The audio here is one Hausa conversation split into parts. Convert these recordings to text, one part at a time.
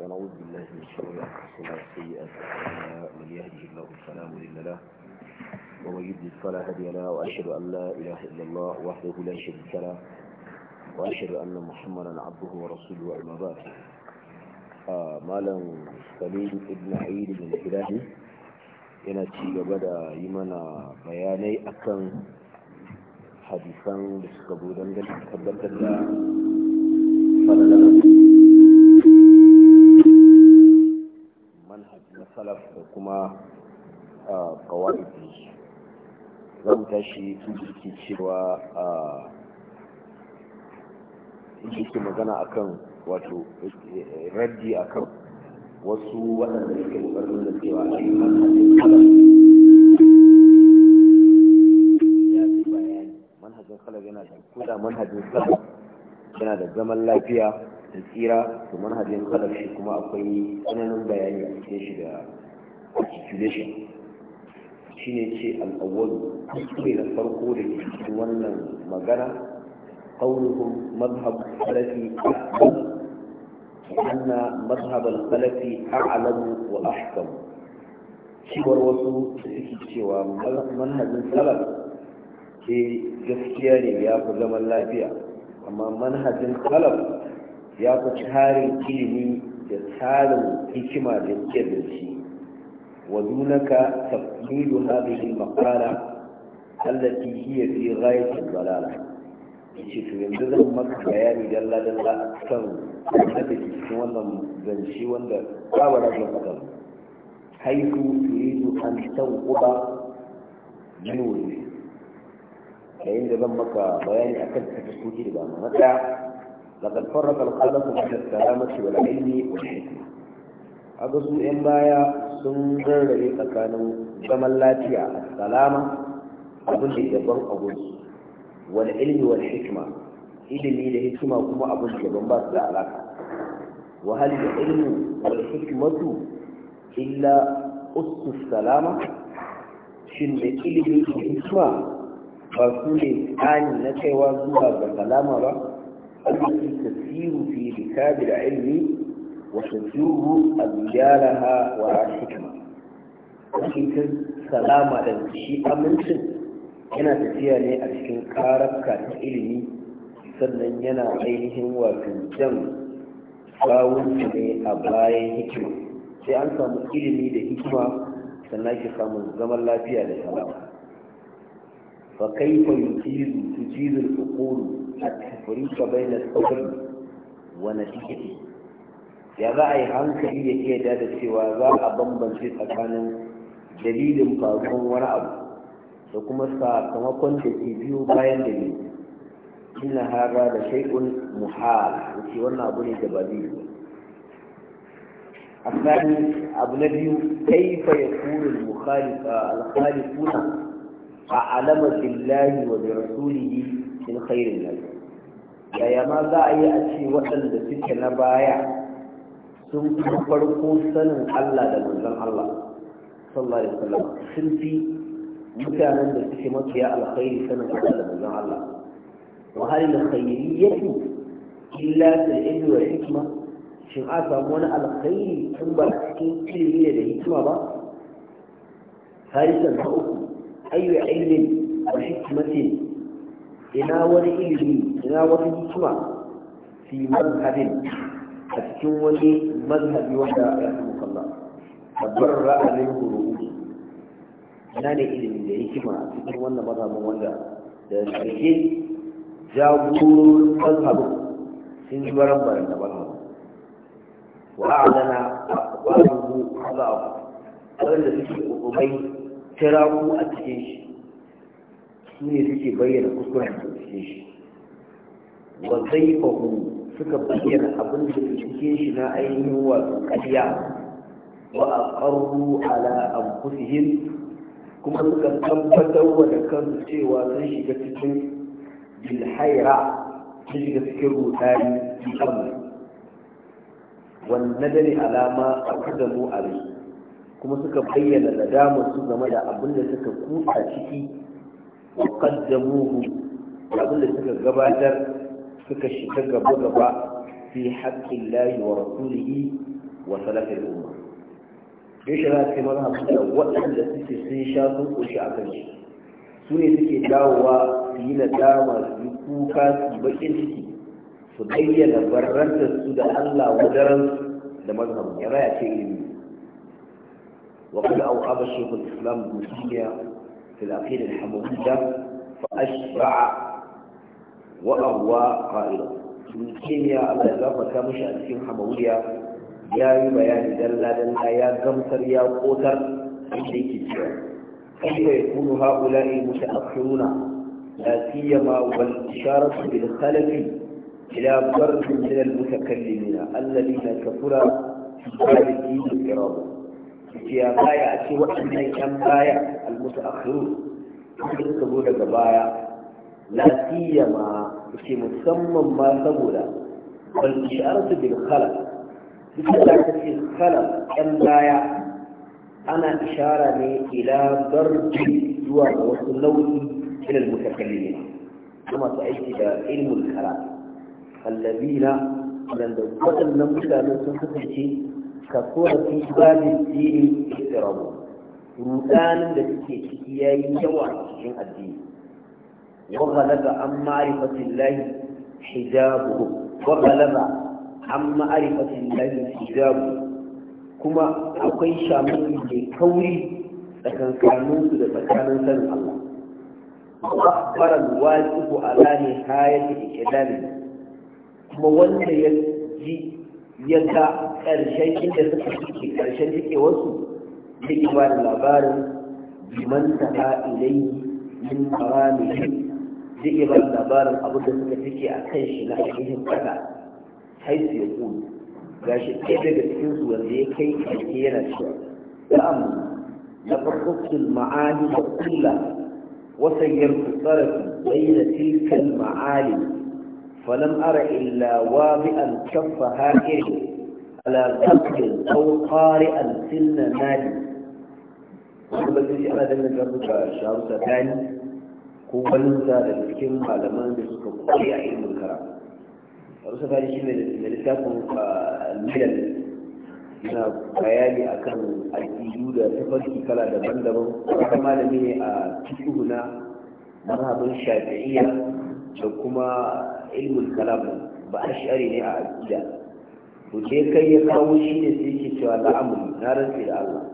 ونعوذ بالله من شرور انفسنا وسيئات اعمالنا من يهده الله فلا مضل له ومن يضلل فلا هادي له واشهد ان لا اله الا الله وحده لا شريك له واشهد ان محمدا عبده ورسوله اما بعد malam salim ibn aid bin hilahi yana ci gaba da yi mana bayanai akan hadisan da suka zo dangane tabbatar da falalar salaf da kuma kawai zan tashi suke cewa suke magana akan wato raddi akan wasu waɗanda suke ƙoƙarin da cewa a yi manhajin kalar ya fi bayani manhajin yana da kuda manhajin kalar yana da zaman lafiya da tsira to manhajin kalar shi kuma akwai tsananin bayani a cikin shi da articulation shi ne ce al'awwalu kuskure na farko da ke cikin wannan magana قولهم مذهب السلفي أحكم أن مذهب السلفي أعلم وأحكم cewar wasu da suke cewa manhajin salaf ke eh, gaskiya ne ya fi zaman lafiya amma manhajin salaf ya fi tarin ilimi da tsarin hikima da yake da shi ودونك تفصيل هذه المقالة التي هي في غاية ا ي ة الضلاله شف من ذ ا امك بيان حيث تريد ان توقظ جنوري فان ذا امك بيان اكلت في سوتي لبان متى لقد فرق الخلق على ا والعلم والحكمه kaga su 'yan baya sun rarrabe tsakanin zaman lafiya a salama abin da daban a wani ilmi wani hikima ilimi da hikima kuma abin da daban ba su da alaka وهل العلم والحكمة إلا أس السلامة شن إلي الحكمة رسول الآن نتوازوها بسلامة التي تسير في da ilmi. وتجوب أبيالها وعاشكما وكي salama da shi amincin yana tafiya ne a cikin karabka ta ilimi sannan yana ainihin wato jan bawunci ne a bayan hikima sai an samu ilimi da hikima sannan ke samun zaman lafiya da salama فكيف يجيز تجيز العقول التفريق بين الصبر ونتيجته ya za a yi hankali ya iya da cewa za a bambance tsakanin dalilin faruwar wani abu da kuma sakamakon da ke biyo bayan dalili ina haga da shaikun muhal wuce wannan abu ne da ba zai yi a sani abu na biyu kaifa ya kuri alhali kuna a alamatin lahi wa da rasuli yi cin khairin lalata yaya ma za a yi a ce waɗanda suke na baya sun fi farko sanin Allah da manzon Allah sallallahu alaihi wasallam sun fi mutanen da suke makiya alkhairi sanin Allah da manzon Allah wa hal alkhairiyyatu illa bil ilmi wal hikma shin a samu wani alkhairi tun ba cikin ilimi da hikima ba harisan na uku ayyu ilmin wa hikmatin ina wani ilimi ina wani hikima fi manhajin a cikin wani mazhabi wanda ya fi mukalla babbar ra'ayin rubutu ina ne ilimin da hikima a cikin wannan mazhabin wanda da ƙarshe jagorin mazhabin sun ji baran baran da mazhabin wa'adana ba su haza abu wanda suke ƙoƙomai tiraku a cikin shi su ne suke bayyana kuskuren da cikin shi wa zai fahimu suka bayyana abin da cikin shi na ainihin wasu ƙarya wa aqarru ala anfusihim kuma suka tabbatar wa da kansu cewa sun shiga cikin bilhaira sun shiga cikin rudani fi amri wanne dare alama a mu a rai kuma suka bayyana nadamar su game da abin da suka kusa ciki wa kaddamuhu da abin da suka gabatar suka shiga gaba-gaba fi haƙƙin lahi wa wa salafin umma ya shi mana da waɗanda suke sun sha sun ƙoshi a kan shi su ne suke dawowa su yi nadama su yi kuka su baƙin ciki su bayyana barrantar su da allah wadaran da mazhabin ya raya ce ilimi وقد أوقف شيخ الإسلام ابن تيمية في العقيدة الحموية فأشرع wa abuwa fa'ida sun allah ya mashi a cikin hamawuya ya yi bayani dalla dalla ya gamsar ya kotar inda yake cewa kaifa yakunu ha'ula'i mutaakhiruna لا سيما والإشارة بالخلف إلى برد من المتكلمين الذين كفر بعد الدين الإرادة في بايع أتي وأن كم بايع المتأخرون يكتبون baya. la siyama musamman ma saboda bal shi'artu bil khalaq duk da ta ce khalaq ɗan baya ana ishara ne ila darbi zuwa ga wasu nau'i ilal mutakallimin kuma su aiki da ilmul kalam allazina wanda waɗannan mutane sun kasance kasuwar fi babin dini istirabu rudanin da suke ciki yayi yawa cikin addini وغلب عن معرفة الله حجابه وغلب عن معرفة الله حجابه كما أقيش من كوري لكن كانوا لتكان سن الله وأخبر الواجب على نهاية إعلامه كما وانت يجي yadda ƙarshen inda suka cike ƙarshen cike wasu zai ba da labarin man ta ilai min haramihi zai iya bada labarin abin da suka take a kan shi na ainihin kasa haisu ya kulu ga shi ɗaya daga cikin su wanda ya kai ƙarfi yana cewa na'am na farko ma'ani da kulla wasayyar tsarafi bayyana tilkan ma'ali falam ara illa wabi'an kaffa haƙe ala kafin au qari'an sinna nadi wanda ba zai ana danganta da sharu tsakani ko waninsa da cikin malaman da suka koyi a ilimin karatu a wasu gari shi mai littafin ah, milal na bayani a kan alƙidu da tafarki kala daban-daban wata malami ne a cikin na mazhabin shafi'iyya da kuma ilimin kalam ba a shari ne a aƙida to sai kai ya kawo shi ne sai ke cewa la'amuri na rantsi da Allah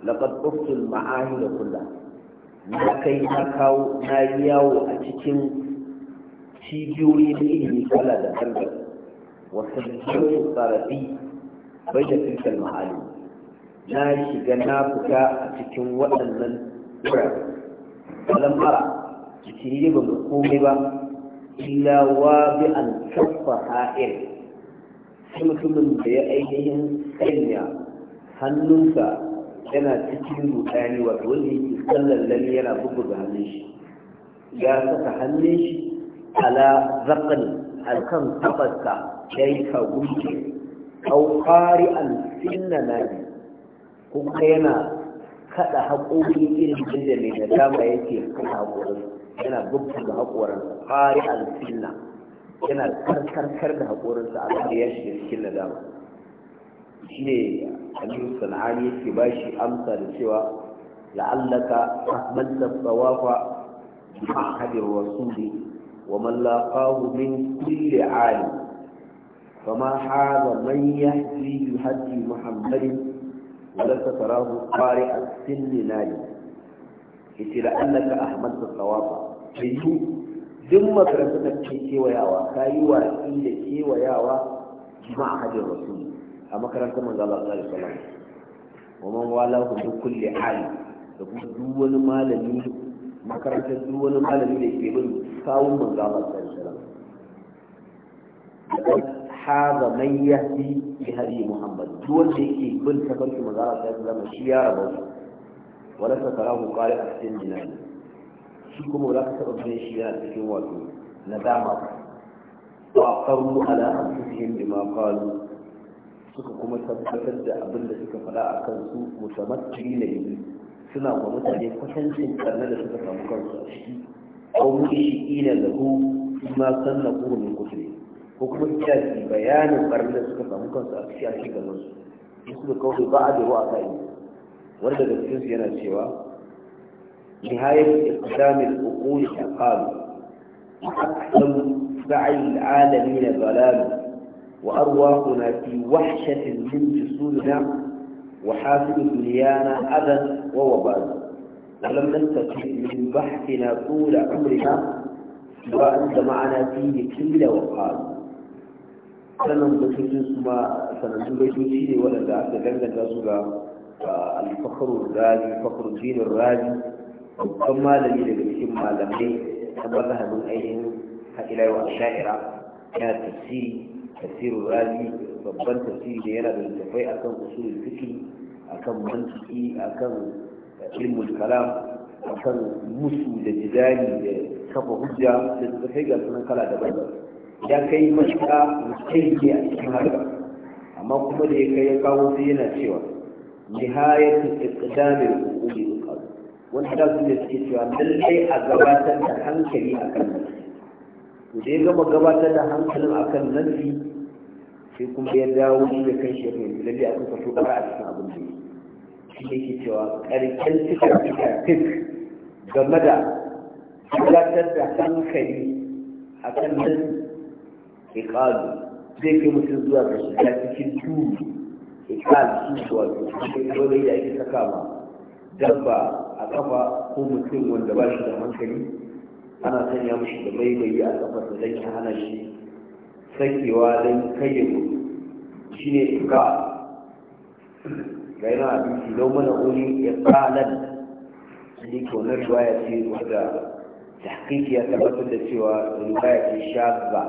laqad uftul ma'ahida kullah na kai na kawo na yawo a cikin cibiyoyin na ilimi kala da kalla wasu jirgin tsarafi bai da filkar mahali na shiga na fita a cikin waɗannan wurare kalan mara cikin yi ba mu komai ba illa wa bi an kafa ha'ir sai mutumin da ya ainihin sanya hannunsa yana cikin rudani wato wanda yake sallan lalle yana bugu da hannun shi ya saka hannun shi ala zaqal alkan tabaska yayi ka gumce au qari al na ne. kuma yana kada haƙoƙi irin da mai da dama yake kan haƙorin yana bugu da haƙorin qari al sinna yana karkarkar da haƙorinsa a kan da ya shiga cikin nadama ne aliyu sana'ani yake ba shi amsa da cewa la'allaka ahmalta tsawafa bi ahadin rasuli wa man laqahu min kulli alim فما حاب من يهدي بهدي محمد ولست تراه قارئ السن نادي yace da annaka ahmad da tsawafa yanzu duk makarantar da ke kewayawa ka yi watsi da kewayawa ma'ahadin rasul a makarantar manzo Allah sallallahu alaihi wasallam wa man walahu bi kulli hali da kuma duk wani malami makarantar duk wani malami da ke bin kawun manzo Allah sallallahu alaihi wasallam hada man yahdi bi hadi muhammad duk wanda yake bin tafarki manzo Allah sallallahu alaihi wasallam shi ya rabu wala ta tarahu qari a cikin jinani shi kuma za ka taba bin shi yana cikin wato nadama ba a qaru ala anfusihim bima qalu suka kuma tabbatar da abin da suka faɗa a kansu mutamattiri na yi suna kuma mutane kwatancin karnar da suka samu kansu a ciki ko mushi ina lahu ma sanna ko min kutri ko kuma kiyaye bayanin karnar da suka samu kansu a ciki a cikin gaban su in suka kawo ba a da ruwa kai wanda daga cikinsu yana cewa nihayat iqdamil uqul aqal أقسم سعي العالمين ضلاله و أ ر و ا ح ن ا في و ح ش ة من جسورنا وحافل دنيانا أ ذ ى ووبال ولم نلتقي من بحثنا طول عمرنا سوى انت معنا فيه كل وقال الفخر الرازي فخر الدين الرازي ثم لم يلبسهم ما لم يلبسهم ما ذهبوا اليهم الى وان شاعر كان تفسيري tafsirul razi babban tasiri da yana da littafai akan usulul fiqh akan mantiki akan ilmul kalam akan musu da jidali da kafa hujja da littafai ga sunan kala daban ya kai mashka mutai ne a cikin harka amma kuma da ya kai ya kawo sai yana cewa nihayatul iqdamil uquli uqal wanda da suke cewa lallai a gabatar da hankali akan to da ya gama gabatar da hankalin akan nafi sai kuma ya dawo shi da kan shi ya fahimci a kuka so kara a cikin abin da shi ne ke cewa karkar cikin cikin game da gabatar da hankali akan nafi kalu zai kai mutum zuwa ga shiga cikin duhu kalu su su cikin dole da ake saka ma dabba a kafa ko mutum wanda ba shi da hankali ana sanya mashi da maimayi a kafar da zai hana shi sakewa don kai shi ne tuka ga yana abinci lau mana wani ya tsalan ne ke wani ruwa ya ce wadda tahqiqi ya tabbatar da cewa ruwaya ce shabba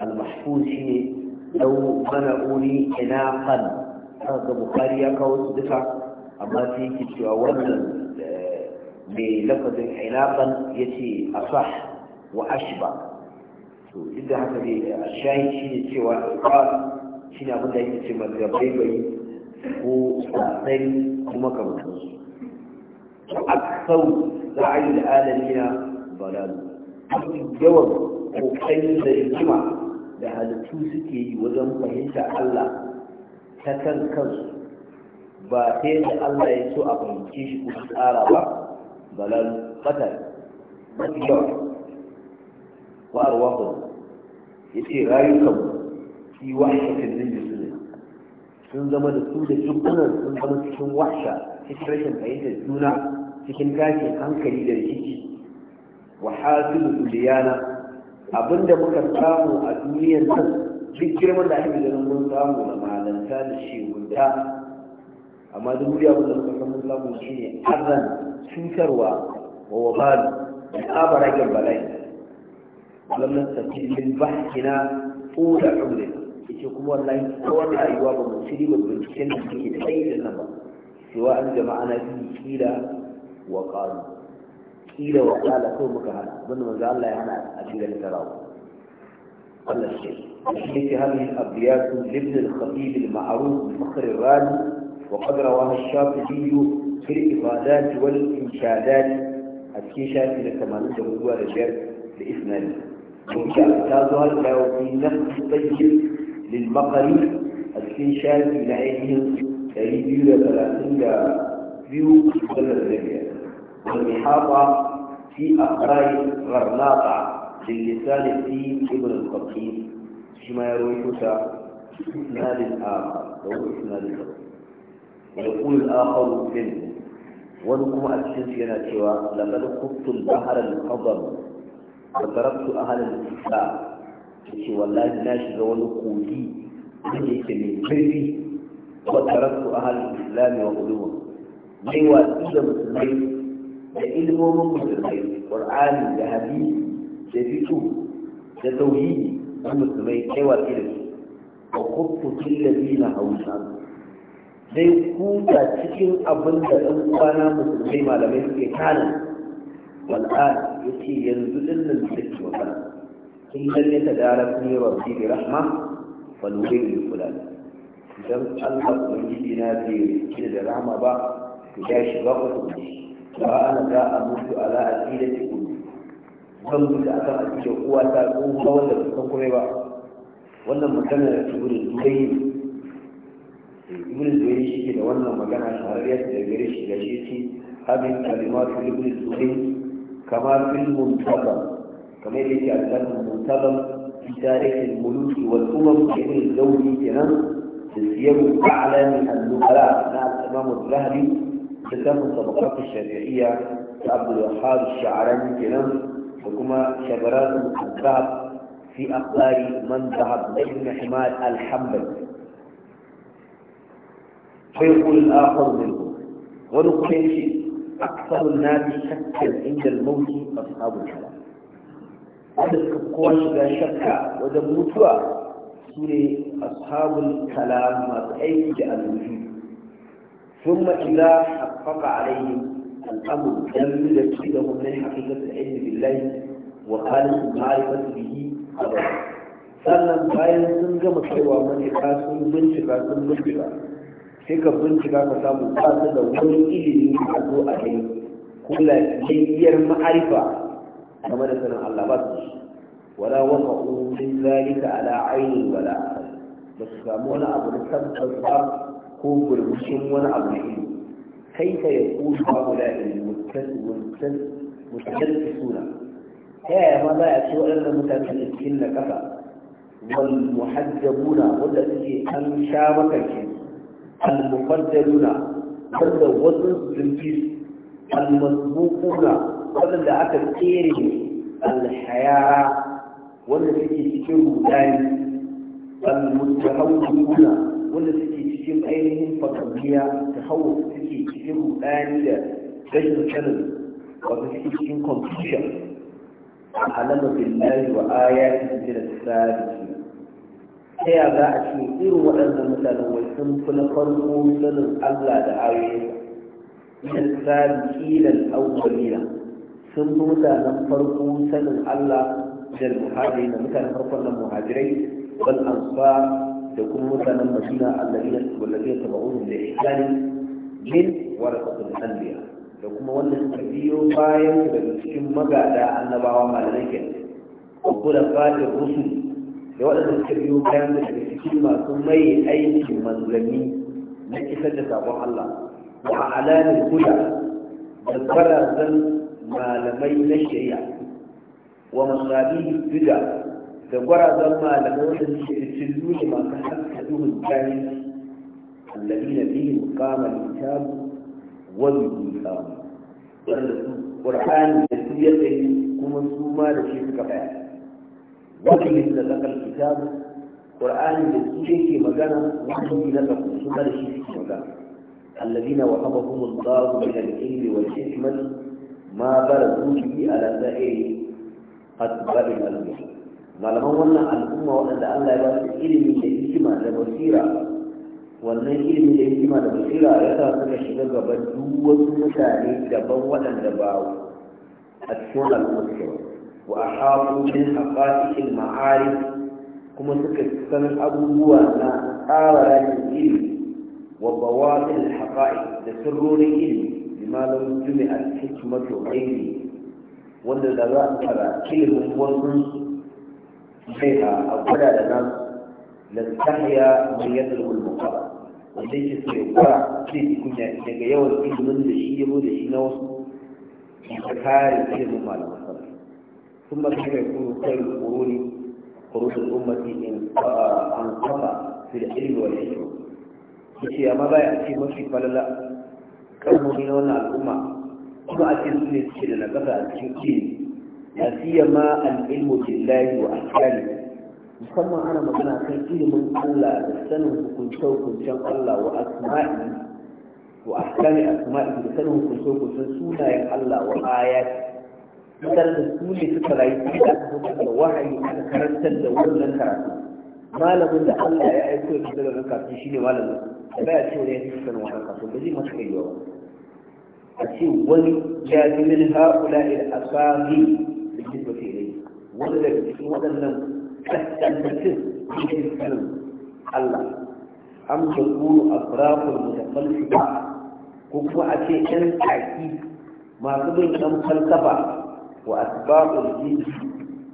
al shi ne lau mana kan inaqan ga bukari ya kawo su duka amma sai yake cewa wannan mai lafazin ilaban ya ce asah wa ashba to duk haka ne a shahi shi ne cewa ilfar shi ne abinda yake ce mai bai ko tsatsari kuma kamar su aksau za a yi al'alamina balalu yawan kokarin da hikima da halittu suke yi wajen fahimta Allah ta kan kansu ba ta da Allah ya so a fahimce shi ko tsara ba balal fata mafi yawa wa arwahu ya ce rayukan fi wahshatin min jisu sun zama da su da dukkanan sun zama cikin wahsha cikin rashin fahimtar juna cikin tashin hankali da rikici wa hasilu duliyana abinda muka samu a duniyar nan duk girman da ake ganin mun samu da malanta da shegunta amma duk wuri abin da muka san mun samu shi ne arzan cutarwa wa wabalu da abaragen bala'i lamnan tafi min bahkina ko da umrin yace kuma wallahi tsawon rayuwa ba mu shiri ba binciken da muke da kai din nan ba cewa an jama'a na fi kila wa qalu kila wa qala ko muka hana abin manzo Allah ya hana a cikin tarawo Allah shi ne yake hadin abiyatu ibn al-khatib al-ma'ruf fakhr al-rani وقد رواها الشافعي في الإفادات والإنشادات أتكي شافعي لثمانين دهدوها رجال بإسناد وكأتازها لو في نفس الطيب للمقري أتكي شافعي لعينهم تريبيو لثلاثين فيو قبل الربيع والمحاطة في أقراي غرناطة للسان في ابن القطيب فيما يروي كتاب إسناد آخر أو إسناد القطيب ويقول الآخر منه ونكم أتشنسينا سوى لقد خبت البحر الخضر وتركت أهل الإسلام سوى والله ناشد ونقودي أنك من كربي وتركت أهل الإسلام وقلوبهم من وأتوزى مسلمين لإلمه من مسلمين قرآن لحديث لفقه لتوحيد المسلمين أي وأتوزى وخبت الذين هوشان dai kuta cikin abin da ɗan kwana musulmai malamai suke kana wal'ad ya ce yanzu dinnan da ke wa kana sun lalle ta dara ne wa rabbi rahma falwai da kula idan allah ubangiji na bai rike da rama ba to ya shiga uku ne ba ana za a mutu ala asira ce kudu zan mutu akan cikin uwa ta tsohuwa wanda ba san kuma ba wannan maganar da ke gudun dubai ibn zubairi shi da wannan magana shahararriya ta da gare shi da shi ce hadin kalimatu ibn zubairi kama fil muntabam kamar yake a cikin muntabam fi tarihin muluki wal umam ibn zawri kenan da siyaru a'lami al-nubala na al-imam al-zahabi da kafin tabaqat al-shari'iyya ta abu wahhab al-sha'rani kenan da kuma shabarat al-dhahab fi akhbari man dhahab ibn himad al-hanbali فيقول الآخر منهم ونقيش أكثر الناس شكا عند الموت أصحاب الكلام هذا القواش لا شك ودموتها سورة أصحاب الكلام ما تأيج الوجود ثم إذا حقق عليهم الأمر لم يدرك لهم من حقيقة العلم بالله وخالص المعرفة به أبدا sannan bayan sun gama kaiwa manufa sun bincika sun bincika sai ka bincika ka samu ba su da wani ilimi a zo a kai kula jiyyar ma'arifa game da sanin Allah ba su wala waka umin zalika ala ainihin wala ba su samu wani abu da tabbas ba ko gurbushin wani abu ne kai ka ya kusa ba guda ilimi mutanen suna ta yaya ma za a ce waɗannan mutane ne cikin na ƙasa wal muhajjabuna wanda suke an sha makarkin al-mufaddaluna wanda wasu sun fi al-masbuquna wanda aka tsere al-haya wanda suke cikin rudani al-mutahawwiluna wanda suke cikin ainihin fakamiya ta hawa suke cikin rudani da rashin sanin wanda suke cikin confusion a alamar billahi wa ayatin da sadiki ta ya za a ce irin waɗannan mutanen wai sun fi na farko sanin Allah da ayoyinsa min al awwalina sun fi mutanen farko sanin Allah da muhajirai da mutanen farkon nan muhajirai wal ansar da kuma mutanen Madina alladina walladina tabi'uhum da ihsani min warasatul anbiya da kuma wanda suka biyo bayan daga cikin magada annabawa malamai kenan wa kula fa'ir rusul da waɗanda suka biyo bayan da daga cikin masu mai aikin manzanni na isar da sabon Allah wa alamin huda da barazan malamai na shari'a wa masabi bida da gwarazan malamai wanda suke da cillu ne masu haska duhun jami'i الذين فيهم قام الكتاب والميثاق وأن القرآن يسير كما سوما لشيء كفاية wani da zakar kitabu qur'ani da su yake magana wani na zakar su da shi yake magana alladina wa habahum Allah min al-ilmi wal hikmati ma barazu bihi ala sa'iri atba'i al-ilmi malaman wannan al'umma waɗanda Allah ya ba su ilimi da hikima da basira wannan ilimi da hikima da basira ya sa suka shiga gaban duk wasu mutane daban waɗanda ba a cikin al'umma suke ba wa ahabu min haqa'iqil ma'arif kuma suka san abubuwa na tsara rakin ilimi wa bawatin haqa'iq da sirrorin ilimi bima lam jumi'at hikmatu ilmi wanda da za a fara ilimin wasu sai a gwada da nan lantahya mai yadda ulmuka wanda yake so ya gwada zai yawan ilimin da shi shi na wasu ta kare ثم كيف يكون خير القرون قرون الأمة إن أنقطع في العلم والحكمة يشي أما بايع في مشي فلا لا كالمؤمنين الأمة kuma a cikin suke da nakasa a cikin ilimi na siya ma al'ilmu billahi wa ahkami musamman ana magana kan ilimin Allah da sanin hukunce Allah wa asma'i da sanin sunayen Allah wa ayati mutanen da su ne suka rayu su da aka da wahayi aka karantar da wannan karatu malamin da Allah ya aiko da fitar da kafin shi ne malamin da baya cewa ya fi fitar da kafin ba zai masa kai yawa a ce wani ya fi min haƙula il asami da ke tafi ilai wani daga cikin waɗannan kaskantattun da ke sanin Allah am da kuru afrafin mutafalsifa ko kuma a ce 'yan taki masu bin ɗan falsafa wa asbabul jinsi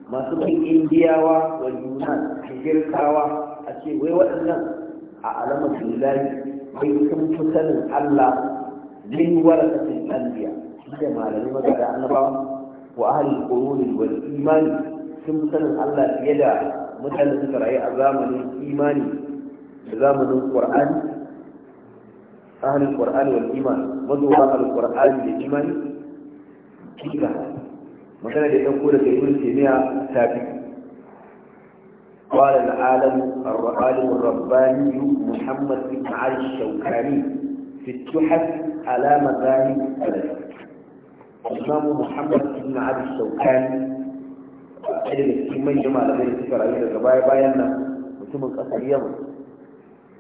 masu bin indiyawa wa yunan girkawa a ce wai waɗannan a alamar lillahi bai sun fi sanin allah min warakatin anbiya da malamai magana annabawa wa ahli quruni wal imani sun fi sanin allah fiye da mutanen suka rayu a zamanin imani da zamanin qur'ani ahli qur'ani wal iman mazuwa al ƙur'ani da imani kika وكان يقول في كل سميع ثابت قال العالم العالم الرباني محمد بن علي الشوكاني في التحف على مباني الإمام محمد بن علي الشوكاني علم السمين جمع لديه السفر عليه الكبائي باينا وثم القصر يمن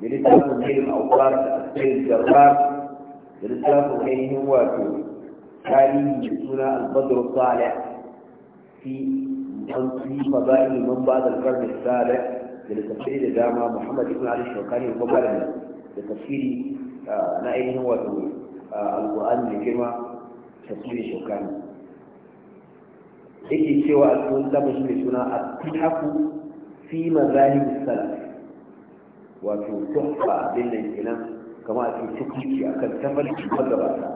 للإسلام من الأوطار التسير الجرار للإسلام من هو واتو كان البدر الصالح في تنقي فضائل من بعد القرن الثالث لتفسير دراما محمد بن علي الشوكاني وقبلنا لتفسير نائله هو القرآن الكريم تفسير الشوكاني yake cewa a cikin littafin shi mai suna a tuhaku fi mazahib salaf wato tuhfa abin nan kenan kama a cikin tukuki a kan tafarki magabata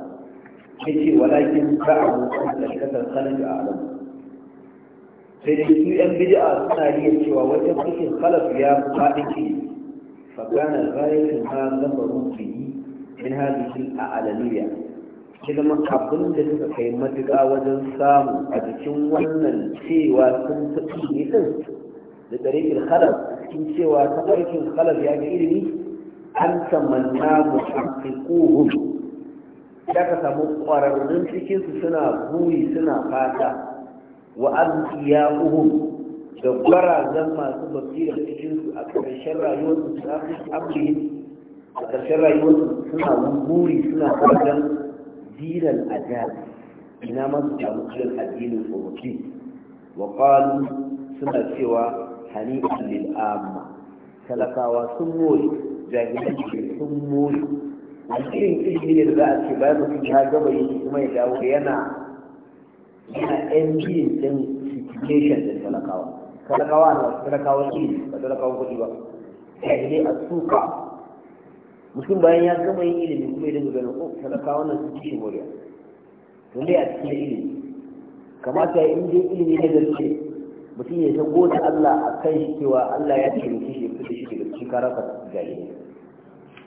yake walakin ba'amu da sai da su yan bid'a suna riya cewa wajen cikin khalaf ya faɗi ke fagana zayatin ha zama rufi min hadisin a alaliya shi zama abin da suka kai matuƙa wajen samu a jikin wannan cewa sun fi ne din da tsarikin khalaf cikin cewa ta farkin khalaf ya ga ilimi an tamanna mu haƙiƙuhum da ka samu ƙwararrun cikinsu suna buri suna fata wa azkiyahuhum da gwarazan masu basira cikin su a ƙarshen rayuwarsu su afi amrihin a ƙarshen rayuwarsu suna wuri suna fargan dinan ajal ina ma su samu kiran addinin tsohoki wa ƙwalu suna cewa hani lil amma talakawa sun more jahilai sun more a cikin ilimi da za a ce bayan mutum ya gaba yi kuma ya dawo yana yana mba ɗin situation da talakawa talakawa na wasu talakawa ne ba talakawa kuɗi ba ne a tsuka mutum bayan ya gama yin ilimi kuma ya dinga ganin oh talakawa na suke shi moriya to dai a cikin ilimi kamata ya in dai ilimi na gaske mutum ya ta gode Allah a kan shi cewa Allah ya mutum shi ya fita shi daga cikin karasa jahilai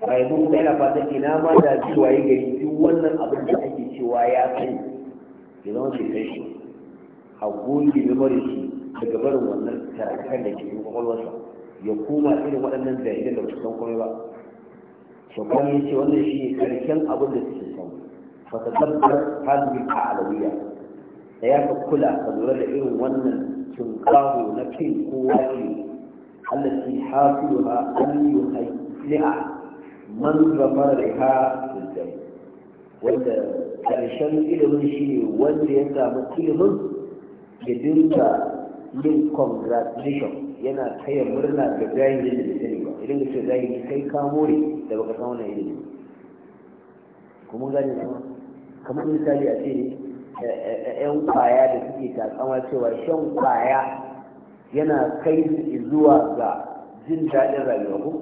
a yanzu kuma yana fatan ina ma da cewa ya gari duk wannan abin da ake cewa ya kai ya zama bai kai shi a goge memory shi daga barin wannan karatun da ke cikin kwakwalwarsa ya koma irin waɗannan jahilai da ba su san komai ba shekwan ya ce wannan shi ne karshen abin da suke san fata tabbar halin a alawiya da ya ka kula ka lura da irin wannan tunkaho na kai ko wake allaci hafiwa an yi a man gafar da ha da wanda ƙarshen ilimin shi ne wanda ya samu ilimin da dinka yin congratulation yana kayan murna ga jahilin da sani ba idan ka ce jahili kai ka more da baka san wannan ilimin kuma gani kuma kamar misali a ce yan eh, eh, eh, kwaya da suke takama cewa shan kwaya yana kai zuwa ga jin daɗin rayuwa ko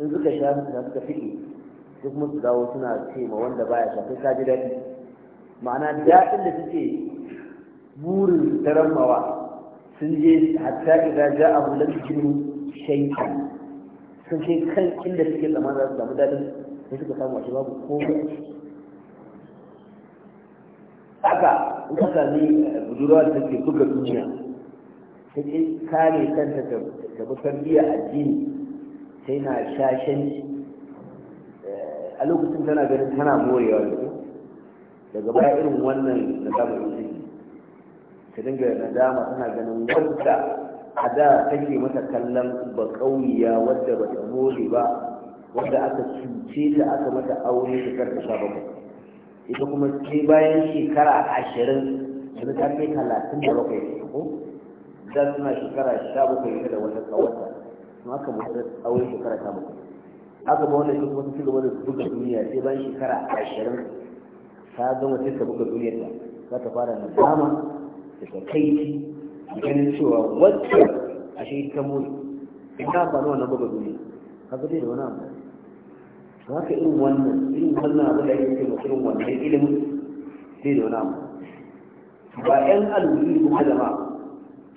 in suka sha suka suka sai kuma su dawo suna ce ma wanda baya shafi ka ji daɗi ma'ana daɗin da suke burin tarammawa sun je hatta idan ja a hular jinu shaitan sun kai kan inda suke tsammanin za su samu daɗin da suka samu a shi babu komai haka in ka sami eh, budurwa da take buga duniya ta ce kare kanta da bi tarbiyya addini sai na shashanci a lokacin tana ganin tana morewa da su daga baya irin wannan nadama ita ce ta dinga nadama tana ganin wadda a da take mata kallon ba ƙauya wadda ba ta more ba wadda aka cuce ta aka mata aure ta da sha bakwai ita kuma sai bayan shekara ashirin yanzu ta kai talatin da bakwai ko da suna shekara sha bakwai ita da wata ƙawarta kuma aka mutu aure shekara ta bakwai aka ba wannan kuma su gaba da buga duniya sai bayan shekara ashirin ta gama sai ta buga duniyar ta za ta fara nadama da ta kai ganin cewa wacce ashe ta mutu ina ba na wannan buga duniya haka dai da wani abu to haka irin wannan irin wannan abu da ake cewa irin wannan ilimin sai da wani abu ba 'yan alwuri ko jama'a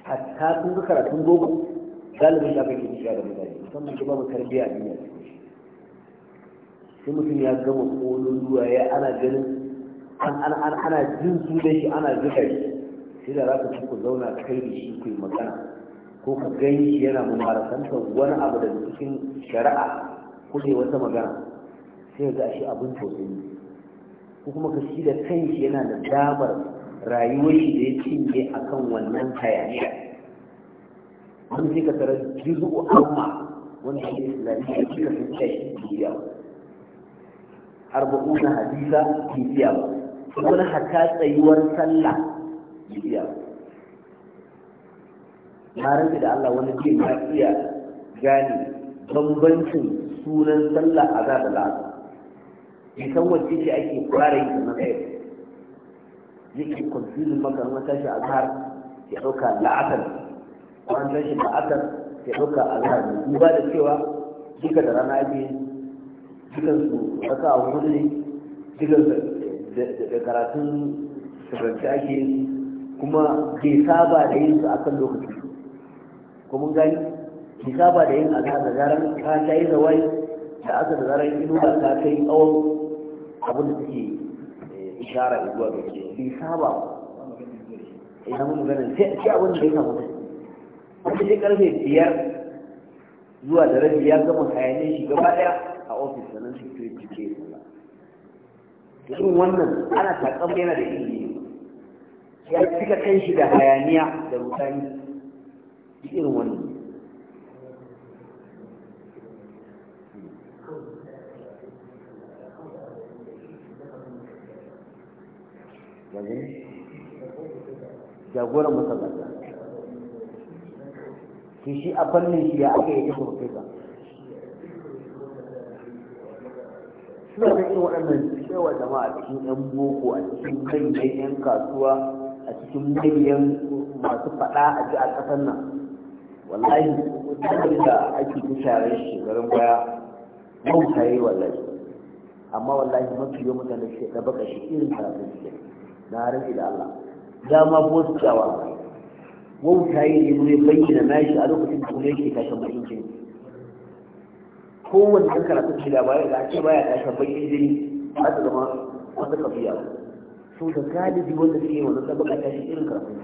hatta sun ga karatun boko galibin da aka ke nishiya da mutane musamman shi mu tarbiyya a duniya sai mutum ya gama kololuwa ya ana ganin ana jin su da shi ana zuka shi sai da za ku ci ku zauna kai da shi ku magana ko ka gani shi yana mumarasantar wani abu da cikin shari'a ko ne wata magana sai ga shi abin tausayi ko kuma ka shi da kan shi yana da damar rayuwar shi da ya cinye a kan wannan hayaniya wani sai ka tarar jizu'u amma wanda shi islamiyya suka fi shi biya arba'un hadisa ki iya ba wani haka tsayuwar sallah ki iya ba na rantsi da Allah wani ke ya iya gani bambancin sunan sallah a za da la'a bai san wacce ce ake fara yi da matsayi zai ke kwanfilin maka an tashi a zahar ya ɗauka la'akar ko an tashi la'akar ya ɗauka a zahar duba da cewa duka da rana ake dukansu ƙasa a hudu ne dukansu da karatun sabanci ake yi kuma bai saba da yin su a kan lokaci kuma gani bai saba da yin a ga da zarar ka ta yi zawai da aka da zarar ino da ka kai tsawon abin da suke eh, ishara zuwa ga ke bai saba ina mun magana sai abin da ya samu wani sai karfe biyar zuwa da rabi ya gama hayanin shi gaba daya ofis nan security ke sallah irin wannan ana taƙam yana da ilimi ya cika kan shi da hayaniya da rudani irin wannan jagoran masallata shi shi a fannin shi ya aka yi jikin ba suna da irin waɗannan cewa jama'a a cikin 'yan boko a cikin manyan 'yan kasuwa a cikin manyan masu faɗa a ji a ƙasar nan wallahi duk da ake shi garin baya mun kayi wallahi amma wallahi mafi yau mutane shi da baka shi irin karatun shi na harin da Allah dama ko su cewa wauta yi ne bayyana nashi a lokacin da kuma yake kashe mutuncin kowane ɗan karatun shi labarai da ake baya ɗashen bakin jini ba su zama wata kafiya so da galibi wanda suke wani sabon a tashi irin karatun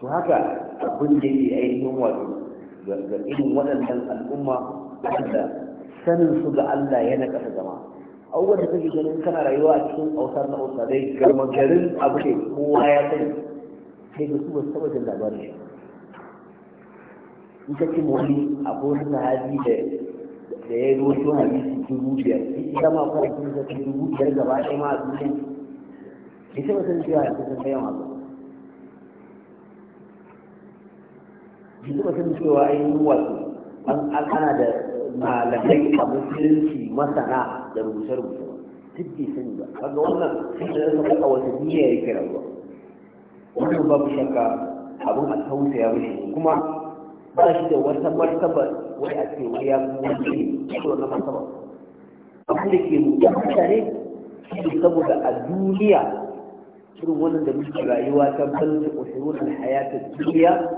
to haka abin da yake ainihin wato ga irin waɗannan al'umma wanda sanin su ga Allah yana ƙasa zama abubuwan da kake ganin kana rayuwa a cikin ausar na ausarai garman garin abu ne kowa ya sani sai da su ba su taɓa jin labarin shi ita ce mawani akwai wani sahabi da da ya roto su dubu biyar ita ma kuma sun zafi dubu biyar gaba ɗaya ma a duniya bai taɓa san cewa yanzu sun kai masu bai taɓa san cewa an yi wasu an ana da malamai a musulunci masana da rubuce-rubuce ba duk bai sani ba kaga wannan sun da rasa kuka wata duniya ya kira ba wannan babu shakka abin a tausaya mishi kuma ba shi da wata martaba wai a ce wai ya mutu ne ko na martaba abin da ke mutu mutane shi saboda a duniya irin wannan da muke rayuwa ta balta ushurun alhayata duniya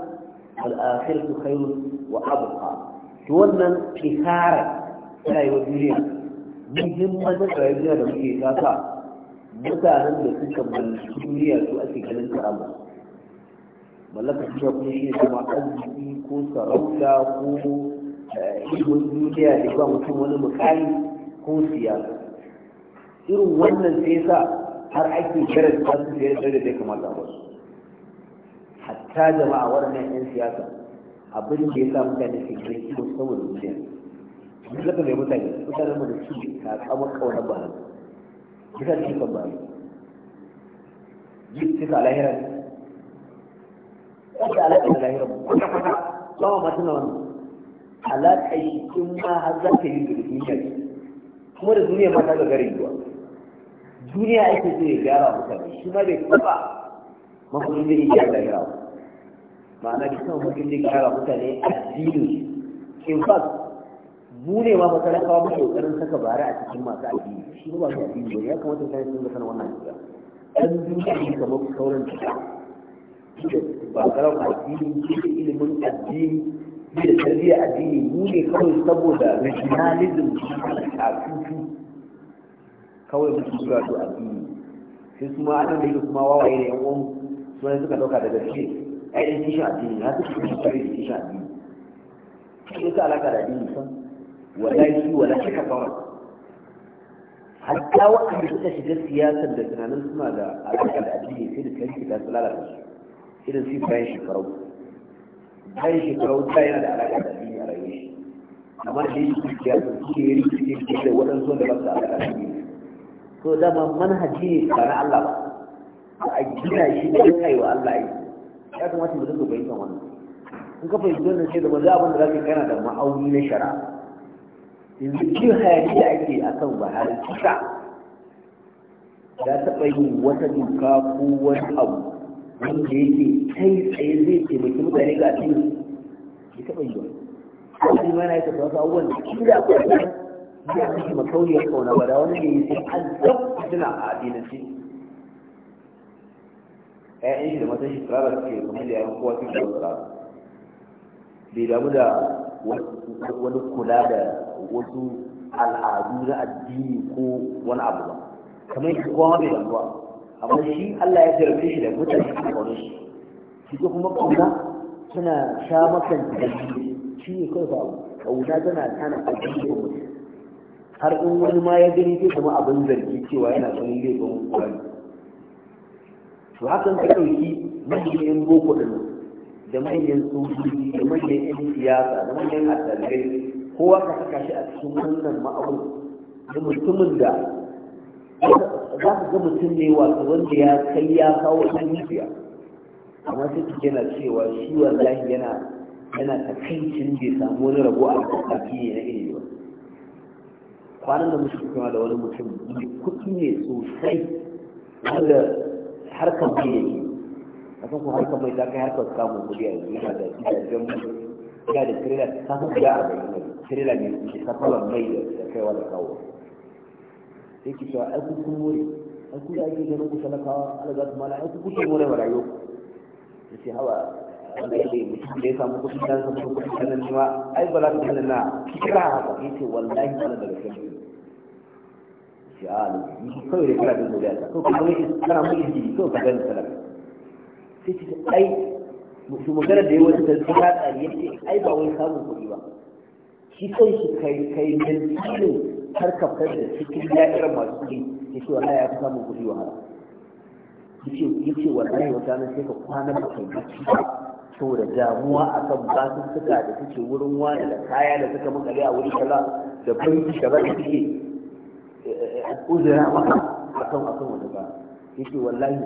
al'akhiratu khairun wa abqa to wannan isara ta rayuwar duniya muhimmancin rayuwar duniya da muke kasa mutanen da suka mallaki duniya su ake ganin karama mallakar cewa kuma shi ne kuma arziki ko sarauta ko eh, ilimin duniya da ba mutum wani mukami ko siyasa irin wannan sai sa har ake kiran ta su fiye da zai kamata ba su hatta jama'a waɗannan 'yan siyasa abin da ya sa mutane ke kiran ido saboda duniya mallaka mai mutane mutanen mu da su ka kama kauna ba nan bisa cikin ba ne duk cikin alahira ne kada alaƙa da lahirar mu kwata kwata ba ma masu wani. alaƙa yi in ma har za ka yi da duniya kuma da duniya ma ta ga gare yiwa duniya ake so ya gyara mutane shi ma bai taɓa mafi da ya gyara lahira ma'ana da kan mutum da gyara mutane addini in fact mu ne ma ba talakawa muke kokarin saka bara a cikin masu addini shi ba su addini ba ya kamata mutane sun ga sanar wannan cikin. dan duniya ne kamar sauran jira ba karan addini shi ilimin addini shi da tarbiyyar addini mu ne kawai saboda regionalism a tutu kawai mutum zuwa to addini sai su ma anan da yake kuma wawaye da yan uwan su suka dauka da gaske ai dan kishin addini na suka kuma kare da kishin addini shi ta alaka da addini san wallahi shi wala shi ka fara hatta waɗanda suka shiga siyasar da tunanin suna da alaƙa da addini sai da tarihi ta su da shi. irin su bayan shekaru. bayan shekaru ta yana da alaƙa da addini a shi amma da yake dukiya su su ne rikice da waɗansu da ba su alaƙa da addini so dama manhaji ne ba na Allah ba a gina shi da yin aiwa Allah yi ya kamata mu dinga bayyana wannan in ka fahimci wannan sai da ba za abin da za ka kana da ma'auni na shara. yanzu cin hayaki da ake a kan buhari kisa ya taɓa yin wata doka ko wani abu wanda yake kai tsaye zai kuma gari ga cikin ya taɓa yi ba asali ma mana yi tafiya wasu abubuwan da shi da akwai yi ya kashe makauniyar kauna ba da wani ne sai an zab suna a adinance. ƴaƴan shi da matan shi tsara da ke kamar da yaran kowa ke wasu tsirara bai damu da wani kula da wasu al'adu na addini ko wani abu ba kamar yadda kowa bai damu ba amma shi Allah ya jarfe shi da mutane a kwanin shi shi kuma kuma suna sha makan da shi shi ne kai ba kauna tana tana a cikin mutum har in wani ma ya gani zai kuma abin zargi cewa yana son laifin kwari to hakan ka ɗauki mahimmin boko ɗin da manyan tsohuri da manyan yan siyasa da manyan asalibai kowa ka saka shi a cikin wannan ma'aunin da mutumin da za ka ga mutum ne wasu wanda ya kai ya kawo ɗan nufiya amma sai ta yana cewa shi wallahi yana yana cin bai samu wani rabo a kafin na ilimi ba kwanan da mushi kuma da wani mutum mai kuɗi ne sosai wanda harkar ya yake a kan kuma harkar mai ta kai harkar samun kuɗi a yanzu yana da gidajen mutum yana da tirela ta fi guda a bayan mai tirela ne ke safalan mai da kaiwa da kawo yake cewa ai kun more ai kun ake ganin ku talakawa ala za su mala ai kun kun more wa rayuwa ya ce hawa wanda ya ce mutum da ya samu kuɗi da samu kuɗi sanan ne ma ai ba za ka sanan na kira haka ya ce wallahi ana daga kan shi a alaji kawai da kana da zuriya ta kawai kuma yake kana mu inji kawai ka gani talaka sai ce ai su magana da yawan sarki ta tsari ya ce ai ba wai samun kuɗi ba shi kan shi kai kai mentalin har ka fada cikin da'irar masu kuɗi ya ce wallahi ya fi samun kuɗi wahala ya ce wallahi wata nan sai ka kwana maka yi da damuwa akan basussuka da suke wurin wani da kaya da suka makale a wurin kaza da banki kaza da suke eh, eh, uzura maka a kan wani ba ce wallahi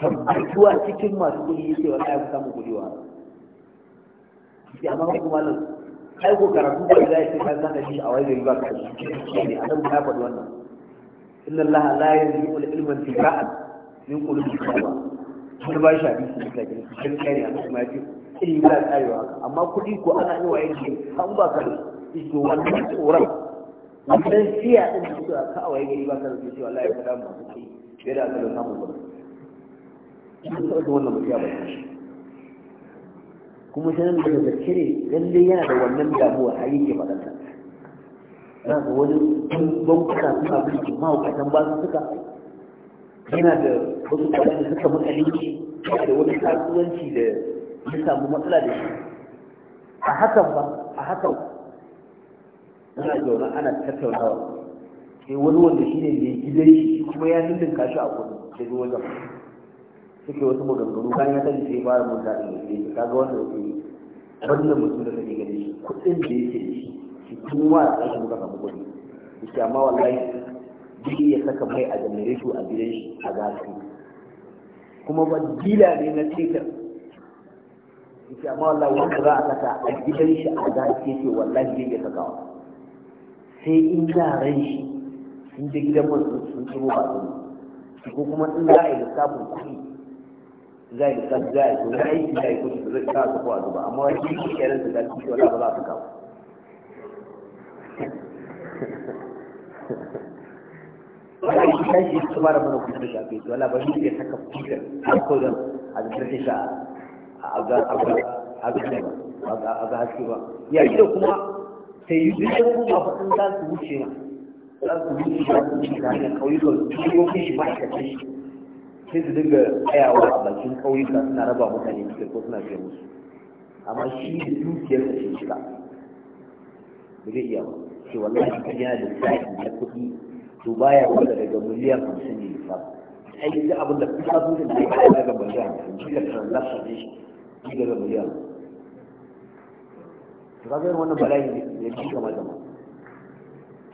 tabbatuwa cikin masu kuɗi ya yake wallahi ku samu kuɗi wa ce amma kuma malam ai ko karatu ba za ya kai zaka shi a wajen ba ka shi ne adam ka faɗi wannan inna allaha la yanzi'u ilman tifa'an min qulubi ba wani ba shi hadisi da kake shi kai a kuma yi ilmi ba tsayewa amma kuɗi ko ana yi wa yake an ba ka to wannan tsoron wannan siya din da suka ka a wajen gari ba ka shi wallahi ka da mu shi da Allah ya samu ba wannan mutiya ba shi kuma shi nan daga gaske ne lalle yana da wannan damuwa a yake faɗanta za ga wani ɗan kuka suna bulki mahaukatan ba su suka yana da wasu kwanan da suka makalinki da wani kasuwanci da ya samu matsala da shi a hakan ba a hakan ana zaune ana tattaunawa sai wani wanda shi ne mai gidan shi kuma ya lullun kashi a kudu da zuwa zama suke wasu maganganu kan ya sani sai fara mun daɗin da ka ga wanda yake wannan mutum da kake gani shi kuɗin da yake da shi shi kuma a ƙarshen muka samu kuɗi yake amma wallahi duk ya saka mai a janareto a gidan shi a gasu kuma ba dila ne na tekar yake amma wallahi wanda za a saka a gidan shi a gasu ce wallahi zai iya sakawa sai in yaran shi sun je gidan wasu sun ciro ba su ko kuma in za a yi lissafin kuɗi zai lissafi za a yi kuma aiki ya yi kusa zai kawo su kowa zuba amma wani shi ke nan da su wala ba za su kawo wani shi kan shi su mara mana kusa shafe su wala ba shi ke saka kusa har ko zan a zai sha a ga a ga haske ba ya yi da kuma sai yi duk kuma faɗin za su wuce ma za su wuce za su wuce ta hanyar kauyukan su yi shi ma'aikatan shi sai su dinga tsayawa a bakin ƙauyuka suna raba mutane cikin ko suna fiye musu amma shi da dukiyar da shi shiga ba zai iya ba ce wallahi kan yana da sa'i na kuɗi to baya wanda daga miliyan hamsin ne ba ai duk abin da kusa sun da ya kai daga miliyan hamsin shi da transaction ne shi daga miliyan to kaga irin wannan bala'i ne ya ci kamar da ma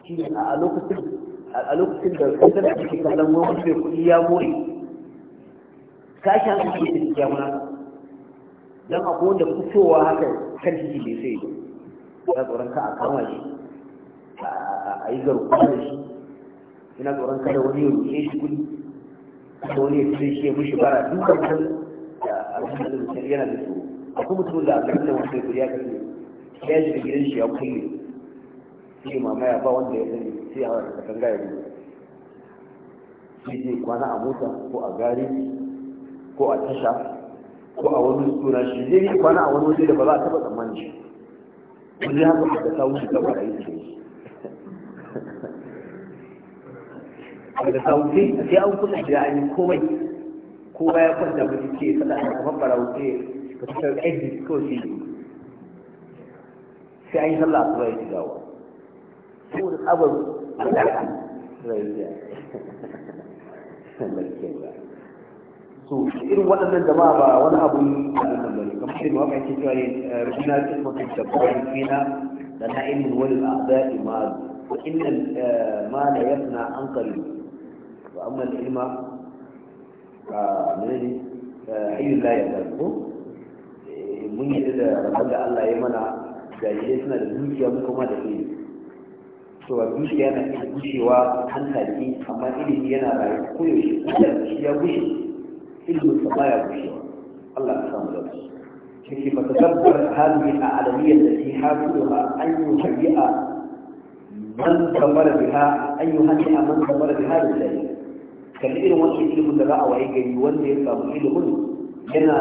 shi a lokacin a lokacin da kusa da kake kallon wani kuɗi ya more kashin su ke cikin kyamuna don akwai wanda fitowa haka kan shi bai sai ba tsoron ka a kama shi a yi garkuwa da shi ina tsoron kada wani ya rufe shi kudi kada wani ya fi shi ya mushi bara dukkan kan da yana da su akwai mutumin da a kan da wani kudi ya kasance ya shiga gidan shi ya kulle shi mamaya ba wanda ya sani sai a wata kasan gaya ne Su zai kwana a mota ko a gari ko a tasha ko a wani suna shi zai yi kwana a wani waje da ba za a taba tsammani shi wani haka da samun shi gaba da yi shi da sauti sai an kusa da an yi komai kowa ya kwanta mutu ce fada a kamar fara wuce ka fitar exit ko shi sai an yi sallah a tura ya shigawa wani tsabar a rai ya so irin waɗannan jama'a ba wani abu nan bane kamar irin waka yake cewa ne rubina kismatin da kawai fina da na ilmin wani al'adai ma wa inna ma la yafna an qalbi wa amma al-ilma menene hayyul la yazal ko mun yi da rabar da Allah ya mana jahilai suna da dukiya mu kuma da ilimi cewa dukiya na iya gushewa hankali amma ilimi yana rayu koyaushe shi ya gushe ilmin sa baya gushewa Allah ya samu lafiya kike a hadhihi al ke allati hafizuha an yuhayya man kamara biha an a man kamara biha lillahi kalli irin wannan ilimin da za a waye gari wanda ya samu ilimin yana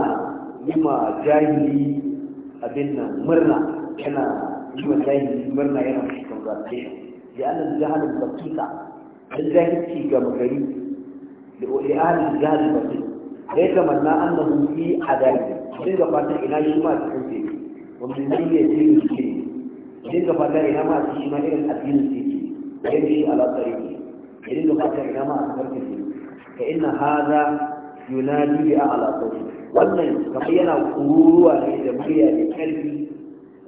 yi ma jahili abin nan murna yana yi ma jahili murna yana shi kan gaske لأن الجهل الدقيقة الجاهل في جمهوري لأهل الجهل الدقيق da ya tamanna annahu fi Sai dinga fatan ina shi ma cikin ce wanda zai iya cikin Sai dinga fatan ina ma shi ma irin addinin ce ke yan shi ala tsariki ya dinga fatan ina ma a tsarki ce ka ina hada yunadi bi a sawti wannan kamar yana kuruwa ne da murya da karfi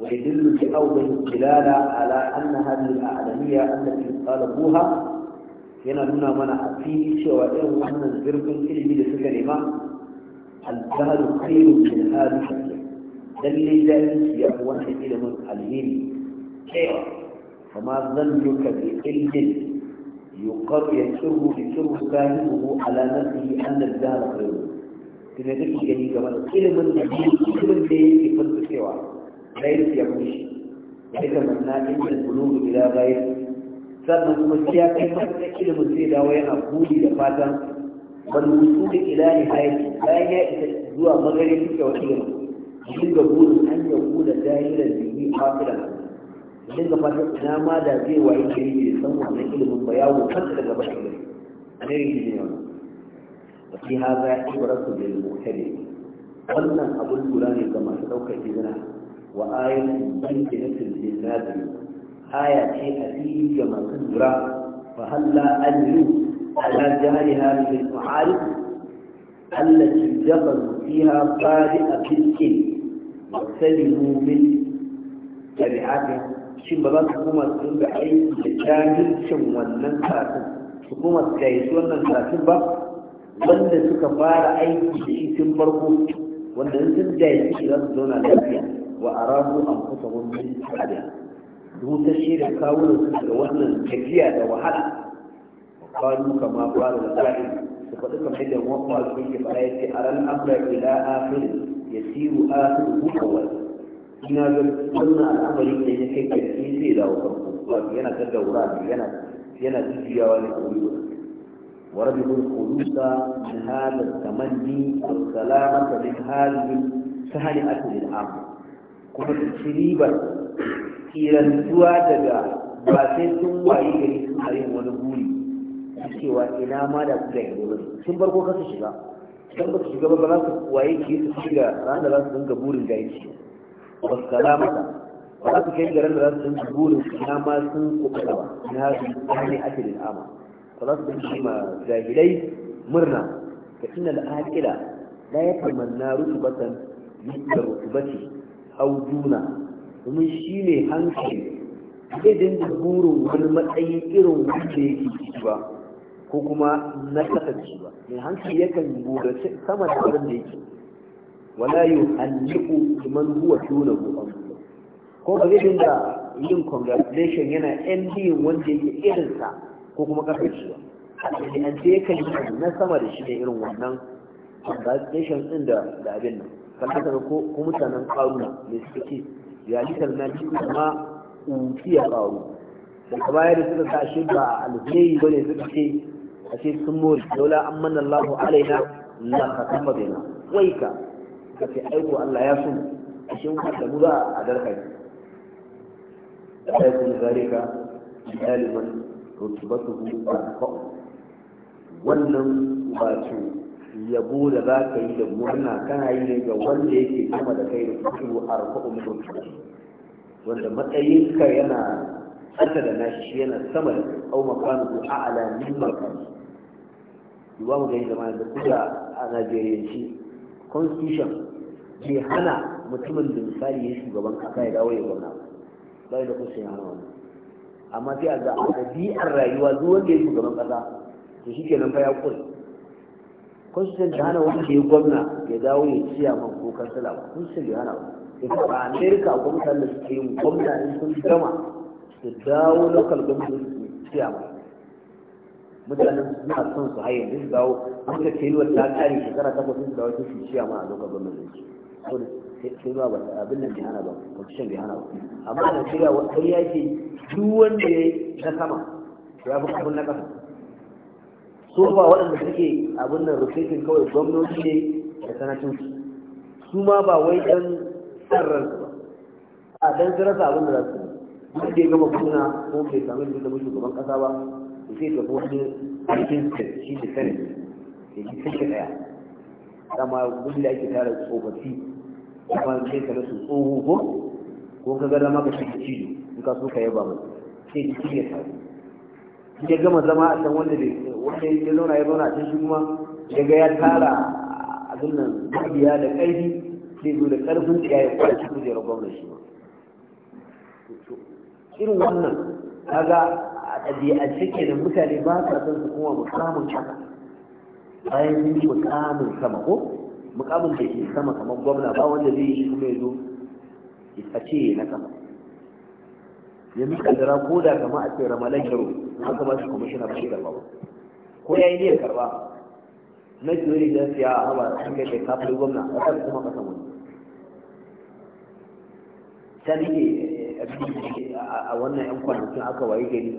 ويدل في أول خلال على أن هذه الأعلمية التي buha. yana nuna mana a fili cewa irin wannan zurfin ilimi da suka nema aljahalu da min hadu shakir lalle jahilci ya fi wannan ilimin alheri cewa kama zannuka bi ilmin yuqar yasirru bi sirru sahibihi ala nafsihi anna aljahala khairun tunda duk gani game da ilimin da ilimin da yake fasa cewa jahilci ya fi shi ya tamanna ilmin da ila ghayr sannan kuma shi ya kai matuƙa ilimin zai dawo yana buri da fatan wani musu da ila ne hayaki bayan ya isa zuwa magare suke wa ilimin shi ga burin an ya kula dahilar jiki afiran idan ga fatan ina ma da zai wayi gari ne san wannan ilimin ba yawo kanta daga bakin gari a ne rikici ne a wasu haza ya ibrarsu da ilmutare wannan abun kula ne ga masu ɗaukar izina wa ayin banki na tilbin nazari aya ce a fili ga masu lura fa halla an yi ala jahariha min al-muharib allati jabalu fiha a fiskin wa salimu min jari'atin shin ba za su kuma su dinga aiki da jahilcin wannan karatun su kuma su gayi wannan karatun ba wanda suka fara aiki da shi tun farko wanda sun jayi shi za su zauna lafiya wa arahu an kusa wani tsariya rutashe da kawunan su daga wannan tafiya da wahala kwanu kama kwanu da tsari su faɗi kamar yadda wakwa su yake fara ya ce a ran amra ila afir ya siru afir hukawar ina ga wannan al'amari ya kai sai zai dawo farko yana ta daura yana yana jujjuyawa ne a wuri ورجل الخلوص من هذا التمني والسلامة من هذه سهل أكل الأمر kuma tsiriba ribar kirantuwa daga ba sai sun waye gari suna yin wani buri su cewa ina ma da su gaya gobe sun farko ka su shiga idan ba su shiga ba za su waye ki su shiga ranar da za su dinga burin gaya ci ba su kala mata ba za su kai garin da za su dinga burin ina ma sun kuka ba ina su kane ake da ama ba za su dinga ma jahilai murna ka da al'aƙila la ya tamanna rutubatan da rutubati auduna domin shi ne hankali zai dinga burin wani matsayi irin wanda yake ciki ba ko kuma na kasance ba mai hankali yakan burace sama da wurin da yake wala yu hanniku zuwa huwa dunahu ko ba zai dinga yin congratulation yana MD wanda yake irinsa ko kuma kasance ba an ce yakan yi na sama da shi da irin wannan congratulation din da abin nan sannan kaga ko ko mutanen karuna ne suka ce ya likal na ji kuma utiya karu daga baya da suka sa shi ba alheri bane suka ce a ce sun more daula an manna Allahu alaina la khatama bina waika kace aiko Allah ya so a shi mun da mu a darkai sai kun zarika daliman rutubatuhu al-fa'l wannan wato yabo da za ka yi da murna kana yi ne ga wanda yake kama da kai da kusuru a rufa umurin wanda matsayinka yana tsarta da nashi shi yana sama da kai au makanu ko a alamin makanu duba mu gani zama da kuka a najeriyanci constitution bai hana mutumin da misali ya shugaban kasa ya dawo ya gwamna ba da kusa ya hana wani amma sai a ga a ɗabi'ar rayuwa zuwa da ya shugaban kasa to shi kenan fa ya kure constitution da hana wanda ya gwamna ya dawo ya ciya man ko kansila ba constitution da hana ba a Amerika ko da suke yin gwamna in sun gama su dawo local government su ciya man mutanen suna son su da su dawo an ka ce yiwa ta kare shekara takwas su dawo su ciya man a local government su sai ba abin nan bai hana ba constitution bai hana ba amma na shirya wani yaki duk wanda ya na sama ya fi kafin na kasa su ba waɗanda suke abin nan rufetin kawai gwamnati ne da sanatoci su ma ba wai ɗan tsarar ba a ɗan tsirar abin da za su duk da ya gama kuna ko bai samu da mutu shugaban ƙasa ba da sai tafi wani aikin shi da sani da shi kashe ɗaya dama gudu da ake tara tsofaffi kuma sai ka nasu tsoho ko ko ka ga dama ka shi cijo in ka so ka yaba mai sai ki ya sabu ya gama zama a can wanda wanda ya zauna ya zauna a can shi kuma ya ga ya tara abin nan mabiya da ƙarfi sai zo da ƙarfin tsiya ya kwada cikin jera gwamnan shi ma irin wannan kaga a ɗabi'ance ke da mutane ba sa son su kuma mukamin haka bayan sun yi mukamin sama ko mukamin da ke sama kamar gwamna ba wanda zai yi shi kuma ya zo a ce na sama ya mika dara ko da kama a ce ramalan yaro haka ba shi na ba shi da babu ko ya yi niyyar karba na jori don siya a haɓa an kai kai kafin gwamna a kan kuma kasan wani ta nike eh, a wannan yan kwanakin aka waye gari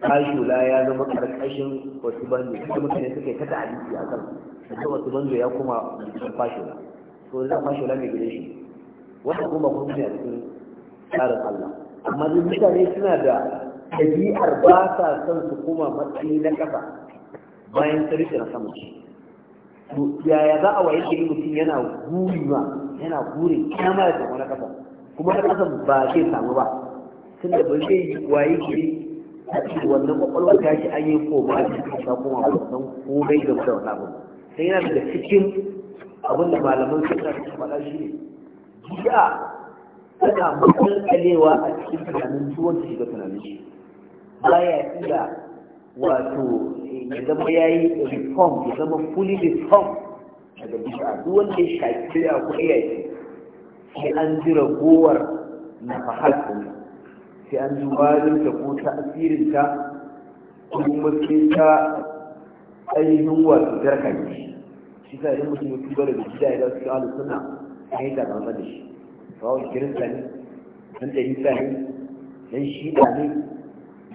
kashula ya zama karkashin wasu banjo da mutane suke yi ta ta'adisi a kan da wasu banjo ya kuma kashula so zan kashula mai gidan shi wata kuma kuma ne a cikin tsarin allah amma mutane suna da ɗabi'ar ba sa son su koma matsayi na ƙasa bayan sun na sama yaya za a waye gari mutum yana guri ma yana guri ya mara da wani ƙasa kuma na ƙasan ba zai samu ba tun da ba zai waye gari a cikin wannan kwakwalwar ta shi an yi koma a cikin ƙasa koma ba san komai da wani sai yana daga cikin abin da malaman suka faɗa shi ne jiya tana makalkalewa a cikin tunanin tuwon ta shiga tunanin shi baya iya wato ya zama ya yi reform ya zama fully reform daga bisa duk wanda ya shaƙi a ku iya ce sai an ji ragowar na fahalkun sai an ji walinta ko ta asirinta ko kuma sai ta ainihin wato jarkar shi shi sa idan mutum ya tuba da gida ya zasu kawo suna a yi da shi kawai kirista ne dan ɗarisa ne shi da ne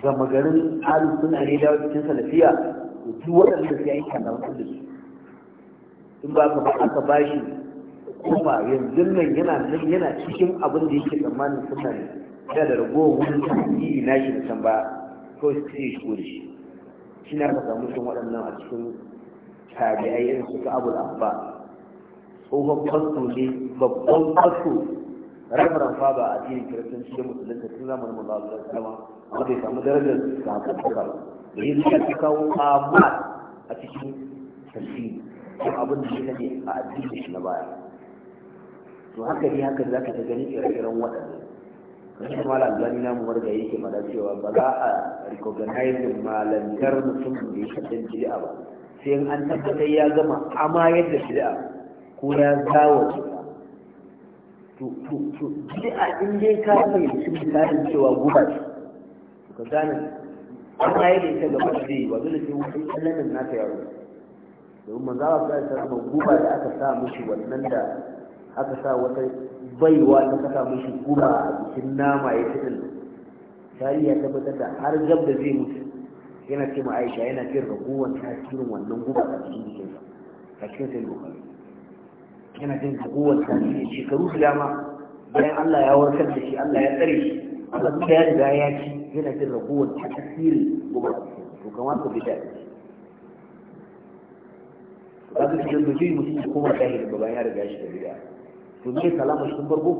gama garin alu suna ne dawo cikin salafiya da duk waɗanda sai yi kan dawo da su in ba ka ba aka ba shi kuma yanzu nan yana nan yana cikin abin da yake tsammanin suna ne yana da ragowar wurin tasiri na shi da can ba kawai sai ya shigo da shi shi na ka samu sun waɗannan a cikin tabi'ai irin su ka da ba. tsohon fasto ne babban fasto rabaran fa ba addinin kiristanci da musulunta tun zamanin manzo Allah sallama amma bai samu darajar sahabbanka ba da yin da ta kawo amal a cikin tafsiri kan abin da ya ne a addinin shi na baya to haka ne haka za ka ta gani ire-iren waɗannan kamar malam zani na mu warga yake mada cewa ba za a recognize malantar mutum da ya kasan bid'a ba sai an tabbatar ya gama amma yadda bid'a ko ya zawo to to to bid'a in dai ka ne shi misalin cewa guba ce to ka gane an ma yadda ita gaba da zai ba dole sai wani na ta yaro domin manzo Allah sallallahu alaihi wasallam guba da aka sa mishi wannan da aka sa wata baiwa da aka sa mishi guba a cikin nama ya fitin tarihi ya tabbatar da har gab da zai mutu yana ce ma Aisha yana jin ragowar tasirin wannan guba a cikin jikinsa a cikin sai Bukhari yana jin kowar tafi shekaru da dama bayan Allah ya warkar da shi Allah ya tsare shi Allah duka ya riga ya ci yana jin ragowar ta tasiri gobe to kamar ku bida da shi ba su cikin da zai mutum ya koma zahiri ba bayan ya riga shi da riga to me salama shi farko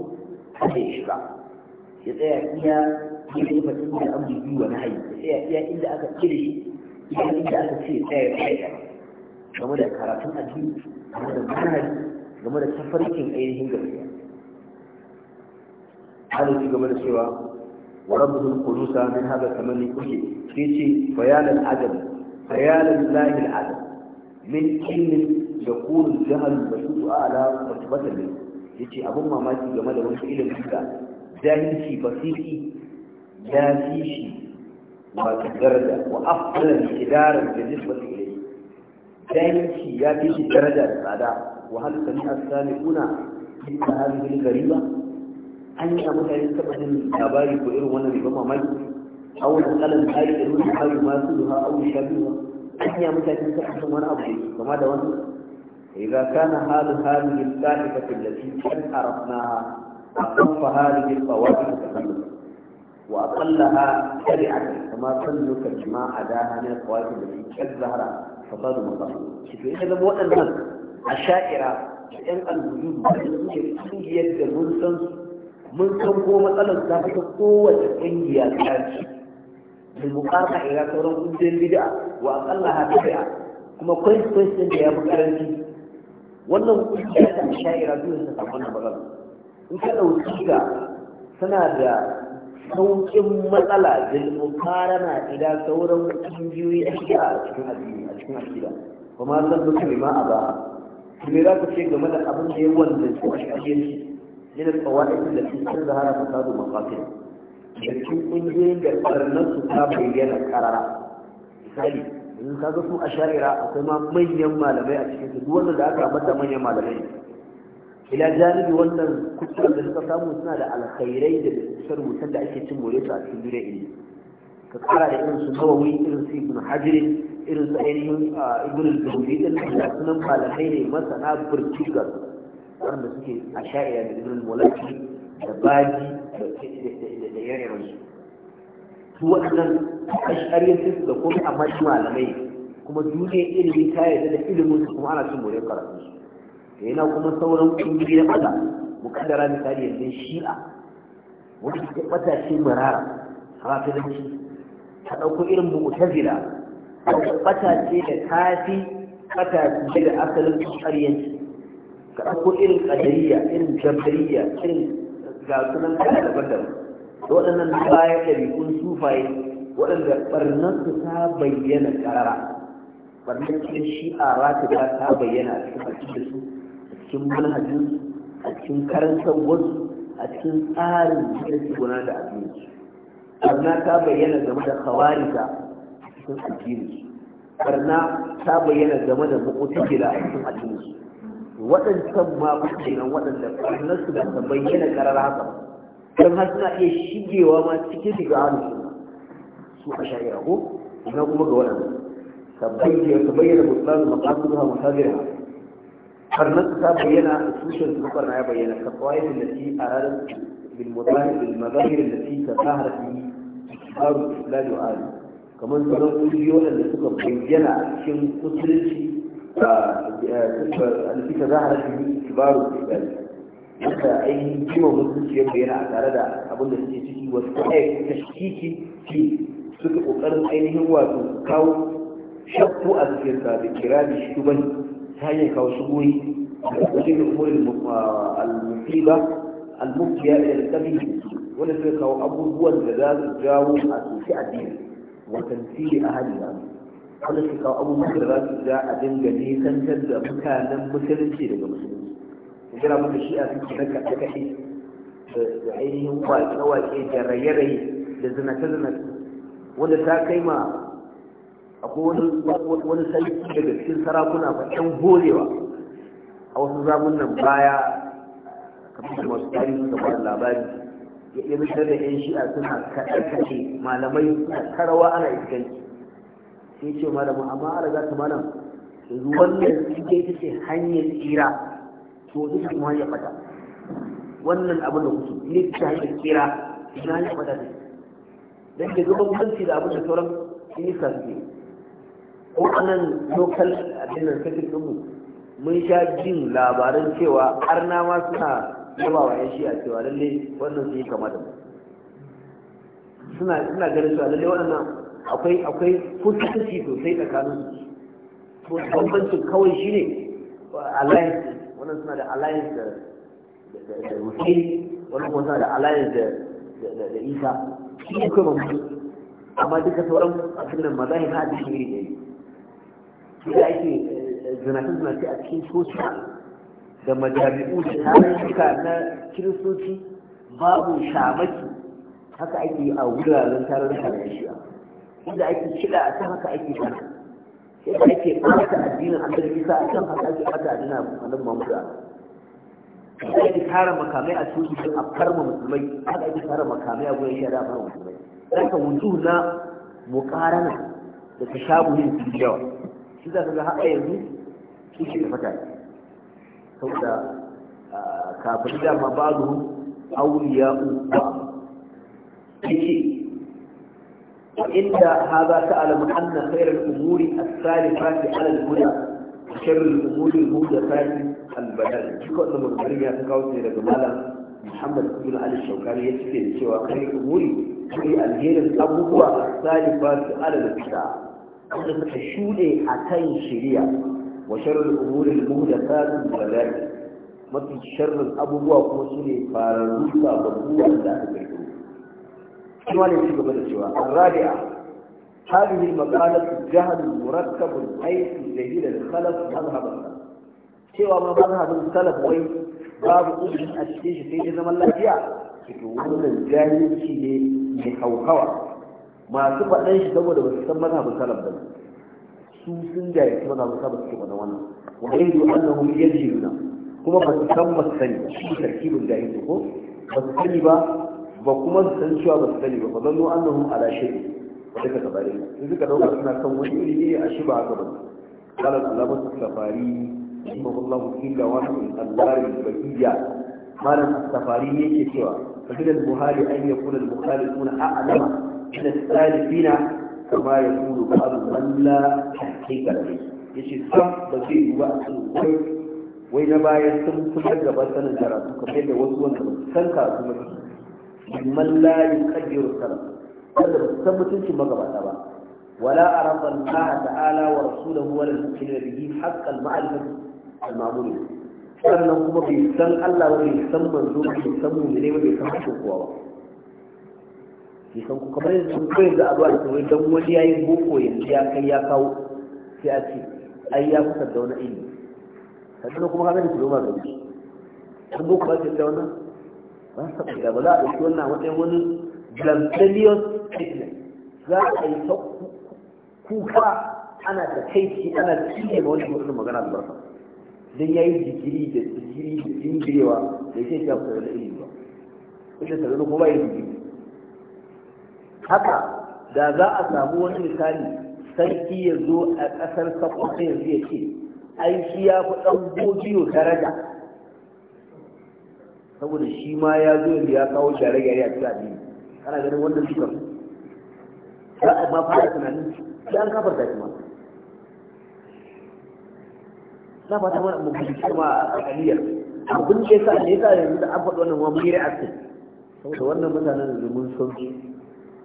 kada shi ba ya tsaya iya ya yi fatin da abu biyu wani hayi ya tsaya iya inda aka cire shi inda aka ce tsaya ya tsaya game da karatun addini game da manhaji game da tafarkin ainihin gaskiya hali ci gaba da cewa wa rabbuhul qudusa min hada tamanni kulli sai ce bayanan adam bayanan lahil adam min ilmin yakunu jahal basutu ala qutbatan ce abun mamaki game da wani ilimin da jahilci basiri ya fi shi wato daraja wa afdalan idaran da nisbatu ilayhi jahilci ya fi shi daraja da tsada wahal sani asalikuna inda hadhihi al-ghariba an ya mutane taba labari ko irin wannan riba mamaki aw la qalan hadhihi al-hayu ma suha aw shabiha an ya mutane taba wani abu kuma da wannan idza kana hadu hadhihi al-sa'ibati allati qad arafnaha aqam fa hadhihi al-qawaid al-tahammul wa aqallaha shari'atan kama sallu kal jama'a da hanin qawaid al-tahammul kad zahara fa qad mutahammul shi to idan waɗannan a sha'ira yan alwudu da suke kungiyar da mun san mun san ko matsalar ta fita kowace kungiya tsarki da mukaka ira sauran kungiyar bid'a wa akalla ha bid'a kuma kwanci da ya fi karanci wannan kungiya ta sha'ira dole ta samu wannan in ka ɗauki ga tana da sauƙin matsala da mukarana ila sauran kungiyoyi a cikin a cikin kuma ma a me za ku ce game da abin da ya wanda su a shafiyarci ne da tsawaitin da su sun zahara ta sadu mafafin da cikin ƙungiyoyin da ɓarnar su ta bayyana ƙarara misali in ka ga su a shari'a akwai ma manyan malamai a cikin su duk wanda da aka ambata manyan malamai ila janibi wannan kuskure da suka samu suna da alkhairai da rubutan da ake cin more a cikin duniyar ilimi ka kara da irin su nawawi irin su ibn hajar irin su ainihin ibn al-jawzi din da sunan malamai ne masana burtigar wanda suke a sha'ira da ibn al-mulaki da baji da yare su su waɗannan ashariyatus da kuma amma malamai kuma duniyar ilimi ta yarda da ilimin su kuma ana cin moriyar karatun su yana kuma sauran kungiyoyi na mata mukaddara misali yanzu shi'a wanda suke ɓata ce marara rafidanci ta ɗauko irin mu'tazila ta bata ce da tafi bata ce da asalin ƙaryanci ka ɗauko irin ƙadariya irin jabariya irin ga sunan kala daban-daban da waɗannan baya ɗabi'un sufaye waɗanda ɓarnansu ta bayyana ƙarara ɓarnan shi a rata ta ta bayyana a cikin da su a cikin manhajin a cikin karantar wasu a cikin tsarin da su gudanar da abinci barna ta bayyana game da khawarija cikin addini barna ta bayyana game da mu'tazila cikin addini waɗancan ma kenan waɗanda su da ta bayyana karar haka don har suna iya shigewa ma cikin shiga ahlus su a shari'a ko ina kuma ga waɗanda ta bayyana ta bayyana mutlaqan ha mutajirha barnarsu ta bayyana tushen su barna ya bayyana ka qawaidin da shi a ranar بالمظاهر التي تظاهرت به كبار الإسلام وآله kamar sauran ƙungiyoyin da suka bayyana a cikin musulunci alfita za a rafi kibarun tsibari wanda ainihin kima musulunci ya bayyana a tare da abin da suke ciki wasu ɗaya tashkiki ki suka ƙoƙarin ainihin wato kawo shakku a cikin sa da kira da shugabanci ta hanyar da al al-muftiya ila al-qabihi wanda suka kawo abubuwan da za su jawo a a soki addini wa tantiri ahliya wanda suka kawo abubuwan da za su ja a dinga nisantar da mutanen musulunci daga musulunci kira maka shi'a suke na kaɗe-kaɗe da ainihin waƙe-waƙe da raye-raye da zinace-zinace wanda ta kai ma akwai wani sarki daga cikin sarakuna ba ɗan gorewa a wasu zamunan baya kamar masu tarihi da wani labari ya iya mutar da yan shi'a suna kaɗe-kaɗe malamai suna karawa ana iskanci sai ce malamin amma ala za ta malam ruwan da suke ita ce hanyar tsira to ita kuma hanyar fata wannan abin da kuke ne ta hanyar tsira ina hanyar fata ne dan ke zuba mutunci da abin da sauran sun yi sarki ko anan local a nan sakin mun sha jin labaran cewa arna ma suna kuma wa shi a cewa lalle wannan sun yi kama da mu suna suna ganin cewa lalle wannan akwai akwai kusurci sosai tsakanin su bambanci kawai shine alliance wannan suna da alliance da musulmi wannan kuma suna da alliance da isa shi ne kuma mutum amma duka sauran abin nan mazahi na hadisi ne ne shi da ake zinatin eh, eh, zinatin a cikin sosai da majami'u da tarurruka na kiristoci babu shamaki haka ake a wuraren tarar na inda ake kila a can haka ake kan yadda ake ɓata addinin annabi isa a can haka ake ɓata addinin annabi muhammadu haka ake tara makamai a coci don a farma musulmai haka ake tara makamai a goyon shari'a a farma musulmai zaka wuzu na muƙarana da tashabuhin su yawa shi za ka ga haka yanzu shi ke fata saboda kafin dama babu auliya uba yake inda haza ta alamu anna khairar umuri a salifati ala al-huda sharri al-umuri al-muhdathati al-badal duka wannan maganganun ya ta kawo ne daga malam Muhammad ibn Ali Shawkani ya da cewa kai umuri yi alherin abubuwa a salifati ala al-huda wanda suka shuɗe a akan shari'a وشر الأمور المهدفات والبلاد mafi sharrin abubuwa kuma su ne fararru sababbin da aka kirkiro shi ma ne ci gaba da cewa arabi'a هذه المقالة جهل مركب حيث جهل الخلف مذهب السلف cewa ma mazhabin salaf wai babu ilimin a cikin shi sai dai zaman lafiya to wannan jahilci ne mai hauhawa masu faɗan shi saboda ba su san ba su sun jaye kuma za mu saba suke wannan wannan wa yadu annahu yajiduna kuma ba su san ba su sani ba shi tarkibin jahil ko ba su sani ba ba kuma su san cewa ba su sani ba ba zannu annahum ala shay'in wa daga gabarin sun suka dauka suna kan wani iri ne a shi ba haka ba قال العلامة السفاري رحمه الله إلا واحد من أنوار البقية قال السفاري يكي سوى فمن المهال أن يكون المخالفون أعلم من fina. kama ya kulu ba abu malla hakika ne ya ce sam ba zai yi ba a wai wai na bayan sun fitar da sanin karatu kamar yadda wasu wanda ba su san karatu ba su malla ya kaddiyar karatu wanda ba su san mutuncin magabata ba Wala a ولا أعرف da تعالى da ولا المؤمنين به حق المعرفة المعمول به sannan kuma bai san Allah ba bai san manzo bai san mu ne bai san kowa ba ya san ku kamar yanzu ko yanzu a zuwa da wai don wani yayin boko yanzu ya kai ya kawo sai a ce ai ya kusa da wani ilimi sannan kuma ka gani su zoma da shi an boko ba ce da wannan ba sa da ba za a ɗauki wannan wani wani glamtelius statement za a yi ta kuka ana da kai ana cike ma wani mutum magana da barka don ya yi jikiri da jikiri da jingirewa da ya ce ya kusa da wani ilimi ba. Ita sanar kuma ba yi digiri. haka da za a samu wani misali sarki ya zo a ƙasar sakwata yanzu ya ce ai shi ya fi ɗan biyu daraja saboda shi ma ya zo yanzu ya kawo a gyare a ci addini kana ganin wanda suka za a ma fara tunanin shi an kafar da kuma na fata mana mu bi kuma a aliyar abin da sa ne sa yanzu da an faɗi wannan wani reaction saboda wannan mutanen da mun sauki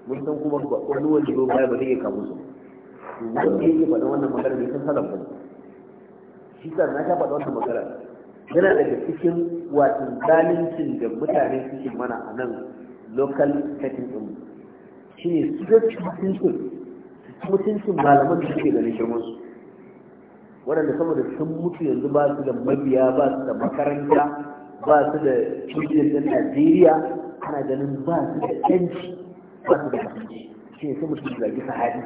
mun san kuma wani wanda zo baya ba zai iya kawo su wanda yake faɗa wannan magana ne san salaf ne shi sa na sha faɗa wannan magana yana daga cikin wato zalincin da mutane suke mana a nan local setting din shi ne su ga mutuncin mutuncin malaman da suke ganin shirman su waɗanda saboda sun mutu yanzu ba su da mabiya ba su da makaranta ba su da cibiyar Najeriya ana ganin ba su da 'yanci ba da kasance shi ne su mutum zagi sahabi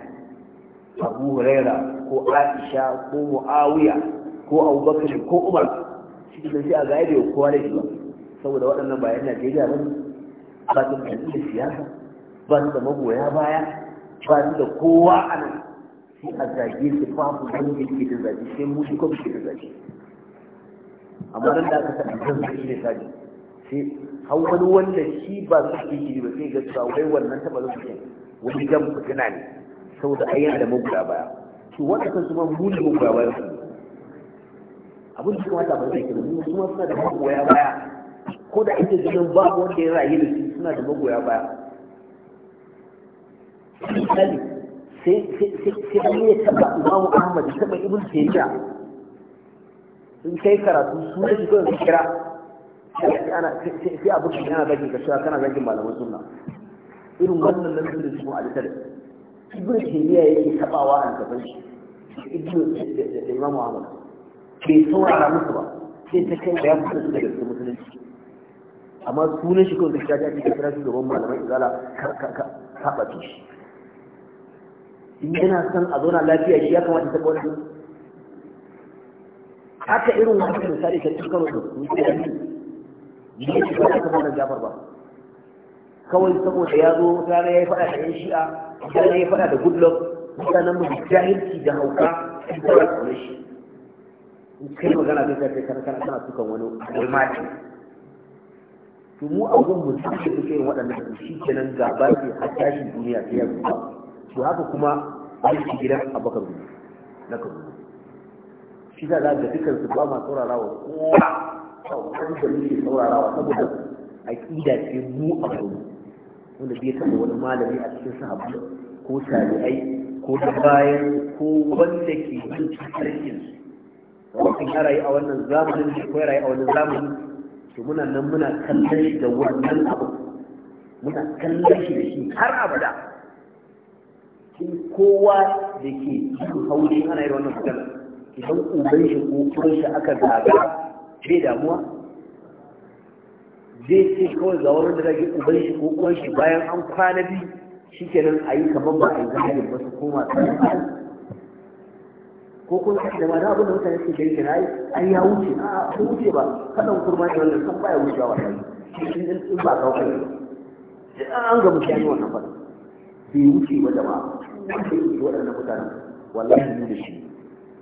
abu huraira ko aisha ko mu'awiya ko abubakar ko umar shi da shi a gaya da kowa da shi ba saboda waɗannan bayan najeriya ba ba su da siyasa ba su da magoya baya ba su da kowa a nan shi a zage su babu wanda ke da zage sai mu shi kuma ke da zage amma nan da aka sa ɗan kan zage ne zage sai hau wani wanda shi ba su ke gidi ba sai ga cewa wai wannan taɓa zan fitin wani jan fitina ne saboda ai yana da magoya baya to kan su ma muni ne magoya baya su abin da kuma ta ba zai kira mu kuma suna da magoya baya ko da ake ganin ba wanda ya rayu da su suna da magoya baya misali sai an yi taɓa imamu ahmad taɓa ibn taymiya sun kai karatu su ne su kira sai abu shi ana zagin kashewa kana zagin malamai suna. irin wannan nan sun su a littar ibn taymiya yake tabawa a gaban shi ibn da imam ahmad bai saurara musu ba sai ta kai ya fita su daga cikin musulunci amma sunan shi kawai gaskiya ta cikin kira shugaban malamai izala kaɓace shi in yana son a zauna lafiya shi ya kamata ta kawai haka irin wannan misali ta cikin karo da su yake ba aka fara Jafar ba kawai saboda ya zo rana ya yi fada da yan shi'a rana ya faɗa da goodluck mutanen mu jahilci da hauka sun fara kaunar shi in kai magana zai kai kana kana kana sukan wani almati to mu a gun mu sai su kai waɗannan shi kenan gaba ce har tashin duniya sai ya zuwa to haka kuma aiki gidan abokan gudu na kaduna shi da za ga dukansu ba ma saurara wa kowa kyau da muke saurarawa saboda aƙida ce mu a gudu wanda bai taɓa wani malami a cikin sahabbai ko tabi'ai ko da bayan ko wanda ke bin tarihin wanda ya rayu a wannan zamanin da ko ya rayu a wannan zamanin to muna nan muna kallon da wannan abu muna kallon shi da shi har abada in kowa da ke cikin haushin ana yi wannan magana idan uban shi ko kurin shi aka gagara bai damuwa zai ce kawai ga wurin da zai uban shi ko uwan shi bayan an kwana biyu shi kenan a yi kamar ba a yi zahirin ba su koma tsarin ko kun kashi da mana abin da mutane suke gari kenan ai ai ya wuce a sun wuce ba kaɗan kurma ne wannan kan baya wucewa ba sai shi din din ba kawai ba an ga mutane wannan fada bai wuce ba jama'a sai waɗannan mutanen wallahi ne da shi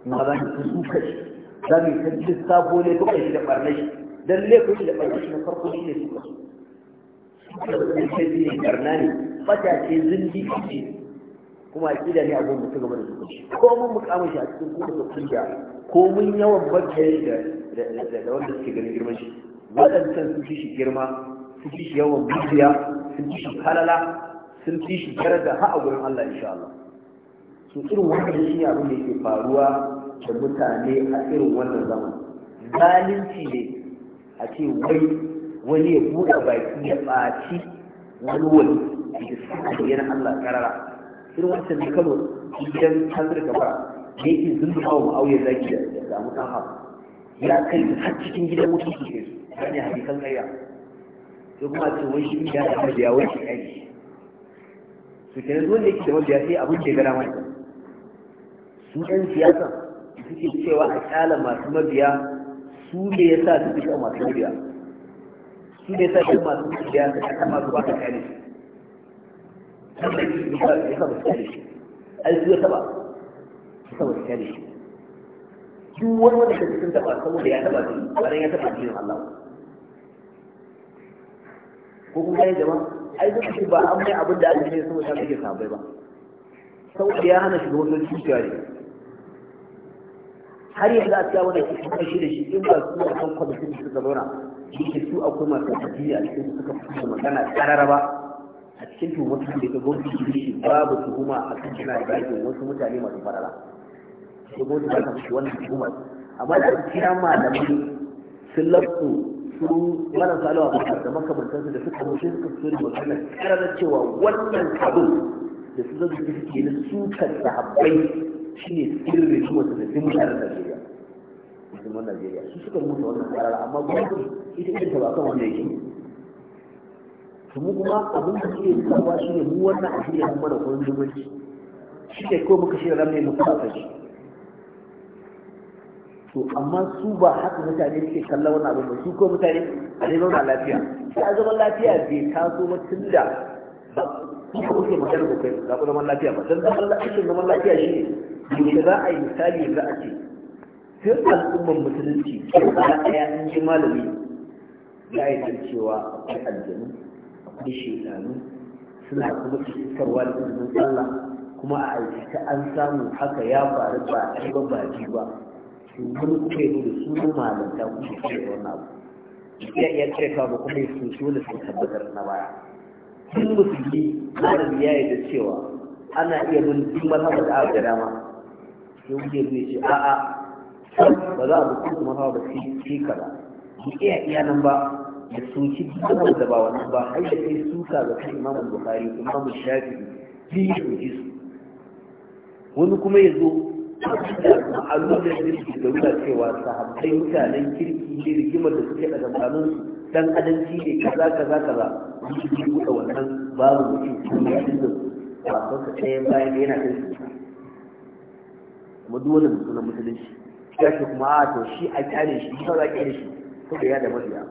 ma za su su kashi za mu yi ta sabo ne da shi da barna shi dan laifin shi da barna shi na farko shi ne suka so shi kai ne barna ne fata ce zindi ce kuma akida ne abun mutum game da zuci ko mun mukamin shi a cikin kuma da kunja ko mun yawan bakkari da da wanda suke ganin girman shi waɗancan sun fi shi girma sun fi shi yawan dukiya sun fi shi halala sun fi shi daraja ha a gurin Allah insha Allah su irin wannan shi ne abin da yake faruwa da mutane a irin wannan zaman zalunci ne a ce wai wani ya buɗe baki ya ɓaci wani wani da suka bayyana Allah karara irin wancan ne kano idan hanzar gaba ne yake zunzu wa auye zaki da samu ɗan ya kai har cikin gidan mutum su ke su gane hadisan ƙarya sai kuma ce wai shi ya da mabiya wai shi ƙari su kenan zuwan da yake da mabiya sai abin da ya gara mai su ɗan siyasa suke cewa a kyala masu mabiya su ne ya sa su fita masu mabiya su ne sa su masu mabiya su kasa masu ba ka kyale su sannan su ya sa masu kyale shi ai su ya taba su sa masu kyale shi duk wani wanda ka cikin taba saboda ya taba su bayan ya taba jinin Allah ko kuma ya jama'a ai duk shi ba an mai abin da ake ne saboda ta kake sabai ba saboda ya hana shiga wajen wasu cuciya har yanzu a cikin wanda ke kuma shi da shi in ba su da kan kwamitin da suka zauna shi su akwai masu tafiya a cikin suka fito magana karara ba a cikin tuhumar da ga gwamnati shi babu tuhuma a kan suna yakin wasu mutane masu farara su gwamnati ba ta fushi wannan tuhumar amma da aka kira malamai sun lafu su mana salawa ba da makamantansu da suka mutu suka fito da magana kararar cewa wannan abin da su zai suke na sukar sahabbai shi ne sirrin su wasu da sun mutane da su musulman najeriya su suka rubuta wannan karara amma gwamnati ita ita ba kan wannan yake su mu kuma abin da suke kawo shi ne mu wannan a shirya kuma da kurin zumunci shi ne muka shirya mu kuma kashi to amma su ba haka mutane suke kallon wannan abin ba su ko mutane a ne zauna lafiya sai a zaman lafiya bai taso ba tun da ba kuma kuke magana ko kai ga zaman lafiya ba dan zaman lafiya shi ne da za a yi misali yanzu a ce duk al'ummar musulunci ba ɗaya an ji malami ya yi ta cewa akwai aljanu akwai shekaru suna kuma fuskarwa da izinin Allah kuma a aikata an samu haka ya faru ba a ba ba ji ba su gudu kuka yi da su malanta kuma ke wani abu ya iya cewa ba kuma ya sun da sun tabbatar na baya sun musulmi malami ya yi da cewa ana iya mun duk mazhabar da aka dama sai wuce zai ce a'a ba za a bukin su mafa ba shi kaza ba iya iya nan ba da soki duk da ba wannan ba har da kai suka ga kan imamu bukhari imamu shafi'i ji ya soki su wani kuma ya zo da ma'alular jirgi da wuta cewa sahabbai mutanen kirki ne rigimar da suke da zamanin su dan adalci ne kaza kaza kaza wani shi buɗe wannan babu mutum kuma ya dinga wasan sa ɗayan bayan yana kai su kuma duk wannan musulunci ya kuma a ah, to shi a kyale shi shi za a kyale shi to da ya da mabiya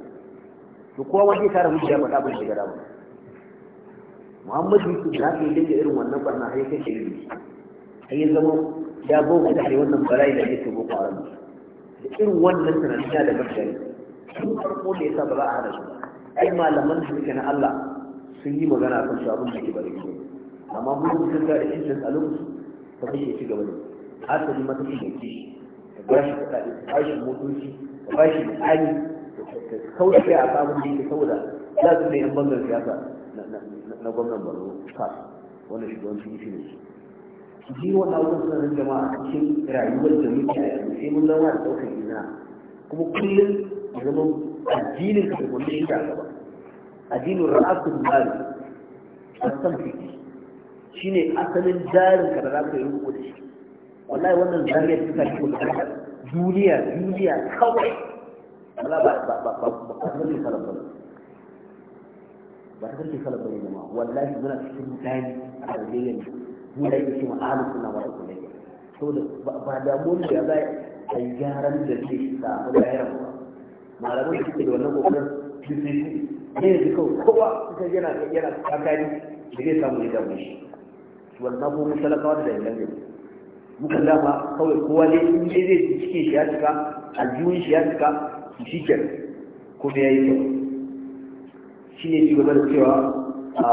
to kowa wani kare kara ya ba ban shiga da wani muhammadu yusuf na kai dinga irin wannan barna har yake shi ne har ya zama ya ku da wannan bala'i da yake boko haram da irin wannan tunanin da mabiya sun farko da yasa ba za a hana su ai malaman da suke na Allah sun yi magana kan shi abin da ke bari ne amma mun sun ga da shi sun alumu ta kashe ci gaba ne asali mata shi ne shi. ba shi kuɗaɗe ka ba shi motoci ka ba shi tsari ka a samun da yake saboda za su ne yan bangar siyasa na gwamnan Borno SAS wannan shugaban PDP ne shi ji wannan abubuwan suna nan jama'a a cikin rayuwar da muke a yanzu sai mun zama da ɗaukar izina kuma kullum ya zama addinin ka da wanda yake a gaba addinin ra'asul mali a san fiki shine asalin jarin ka da za ka yi rubuta shi wallahi wannan zariyar ta tafi kuma duniya duniya kawai wala ba ba ba ba ba ba ne salaf ba ba ta karke salaf ba ne jama'a wallahi muna cikin mutane a Najeriya ne mu da yake cewa ahlus sunna wal jamaa saboda ba da, damuwar da za a yi gyaran da zai samu lahirar ba malaman da suke da wannan kokarin su ne yanzu kawai kowa kusa yana yana kakari da zai samu ya damu shi wannan kuma talakawa da dalilan yau muka dama kawai kowa ne in dai zai cikin shi ya cika aljihun shi ya cika shi ke kuma ya yi kyau shi ne shugaba da cewa ya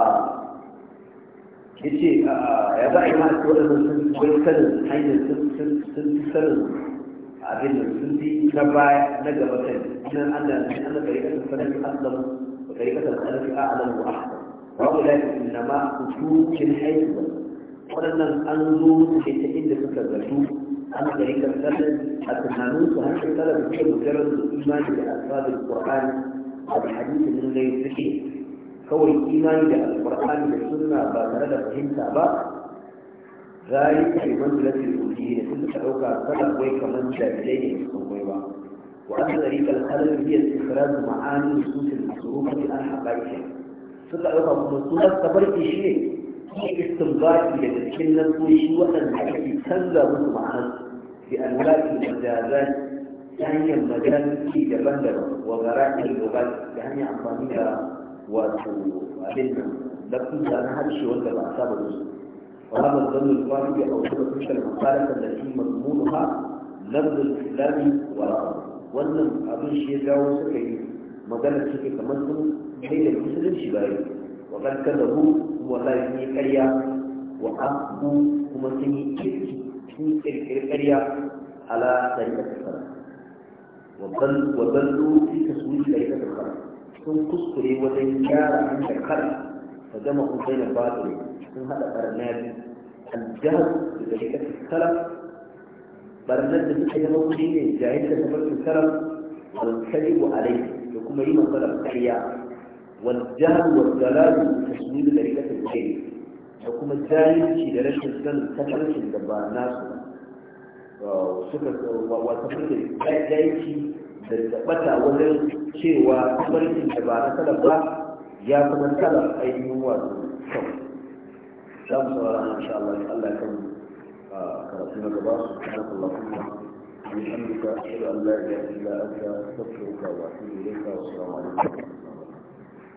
ce ya za a yi masu waɗannan sun wani sanin hanyar sun fi sanin abin da sun fi na baya na gaba kai idan allah ne ana kare kasar sanar da aslamu wa gari kasar sanar da a'alamu wa ahsan wa ulai inna ma usulun haihuwa waɗannan an zo musu ta inda suka zato an gari karkarar a tunanin su har shekara da suke mujarar da imani da alfadar qur'ani a da hadisi sun gai suke kawai imani da alqur'ani da sunna ba tare da fahimta ba ذلك بمنزلة الأوليين كل شعوك سبب ويك منزلة إليه الصويبة وأن طريق الخلل هي استخراج معاني نصوص المصروفة عن حقائقها سبب ويك منزلة تبرك شيء في استنباط لكن نسوي وأن حكي كلا مسمعا بأنواع المجازات يعني المجال في جبندر وغرائب اللغات يعني عمانية وأدلة لكن كان هذا الشيء وانت الأعصاب الرسل وهذا الظن الفاضي أو تلك المخالفة التي مضمونها لفظ الإسلام والعرب وأن أبو الشيء جاوز كي مجال الشيء كمسلم بين المسلم شبابي wa kan kazabu wallahi sun yi ƙarya wa kuma sun yi kirki sun yi ala ɗariƙar sara sun kuskure wajen gyara hanyar kara da gama hukai na batare sun haɗa ɓarna aljihar da ɗariƙar sara ɓarnar da suka yi mawuri ne jahil da tafarkin sara والكذب عليه وكما يما صلى ƙarya. والجهل والضلال في kuma طريقة الخير وكما الجاهل في درجة السن تفرش الدبا الناس وتفرش الجاهل da bata wajen cewa tafarkin da ba na salaf ba ya kuma salaf ainihin wato kyau za mu saurara insha Allah in Allah kan karatu na gaba su kana Allah kuma in an duka shi Allah ya yi la'aka tafarka a su ne ka wasu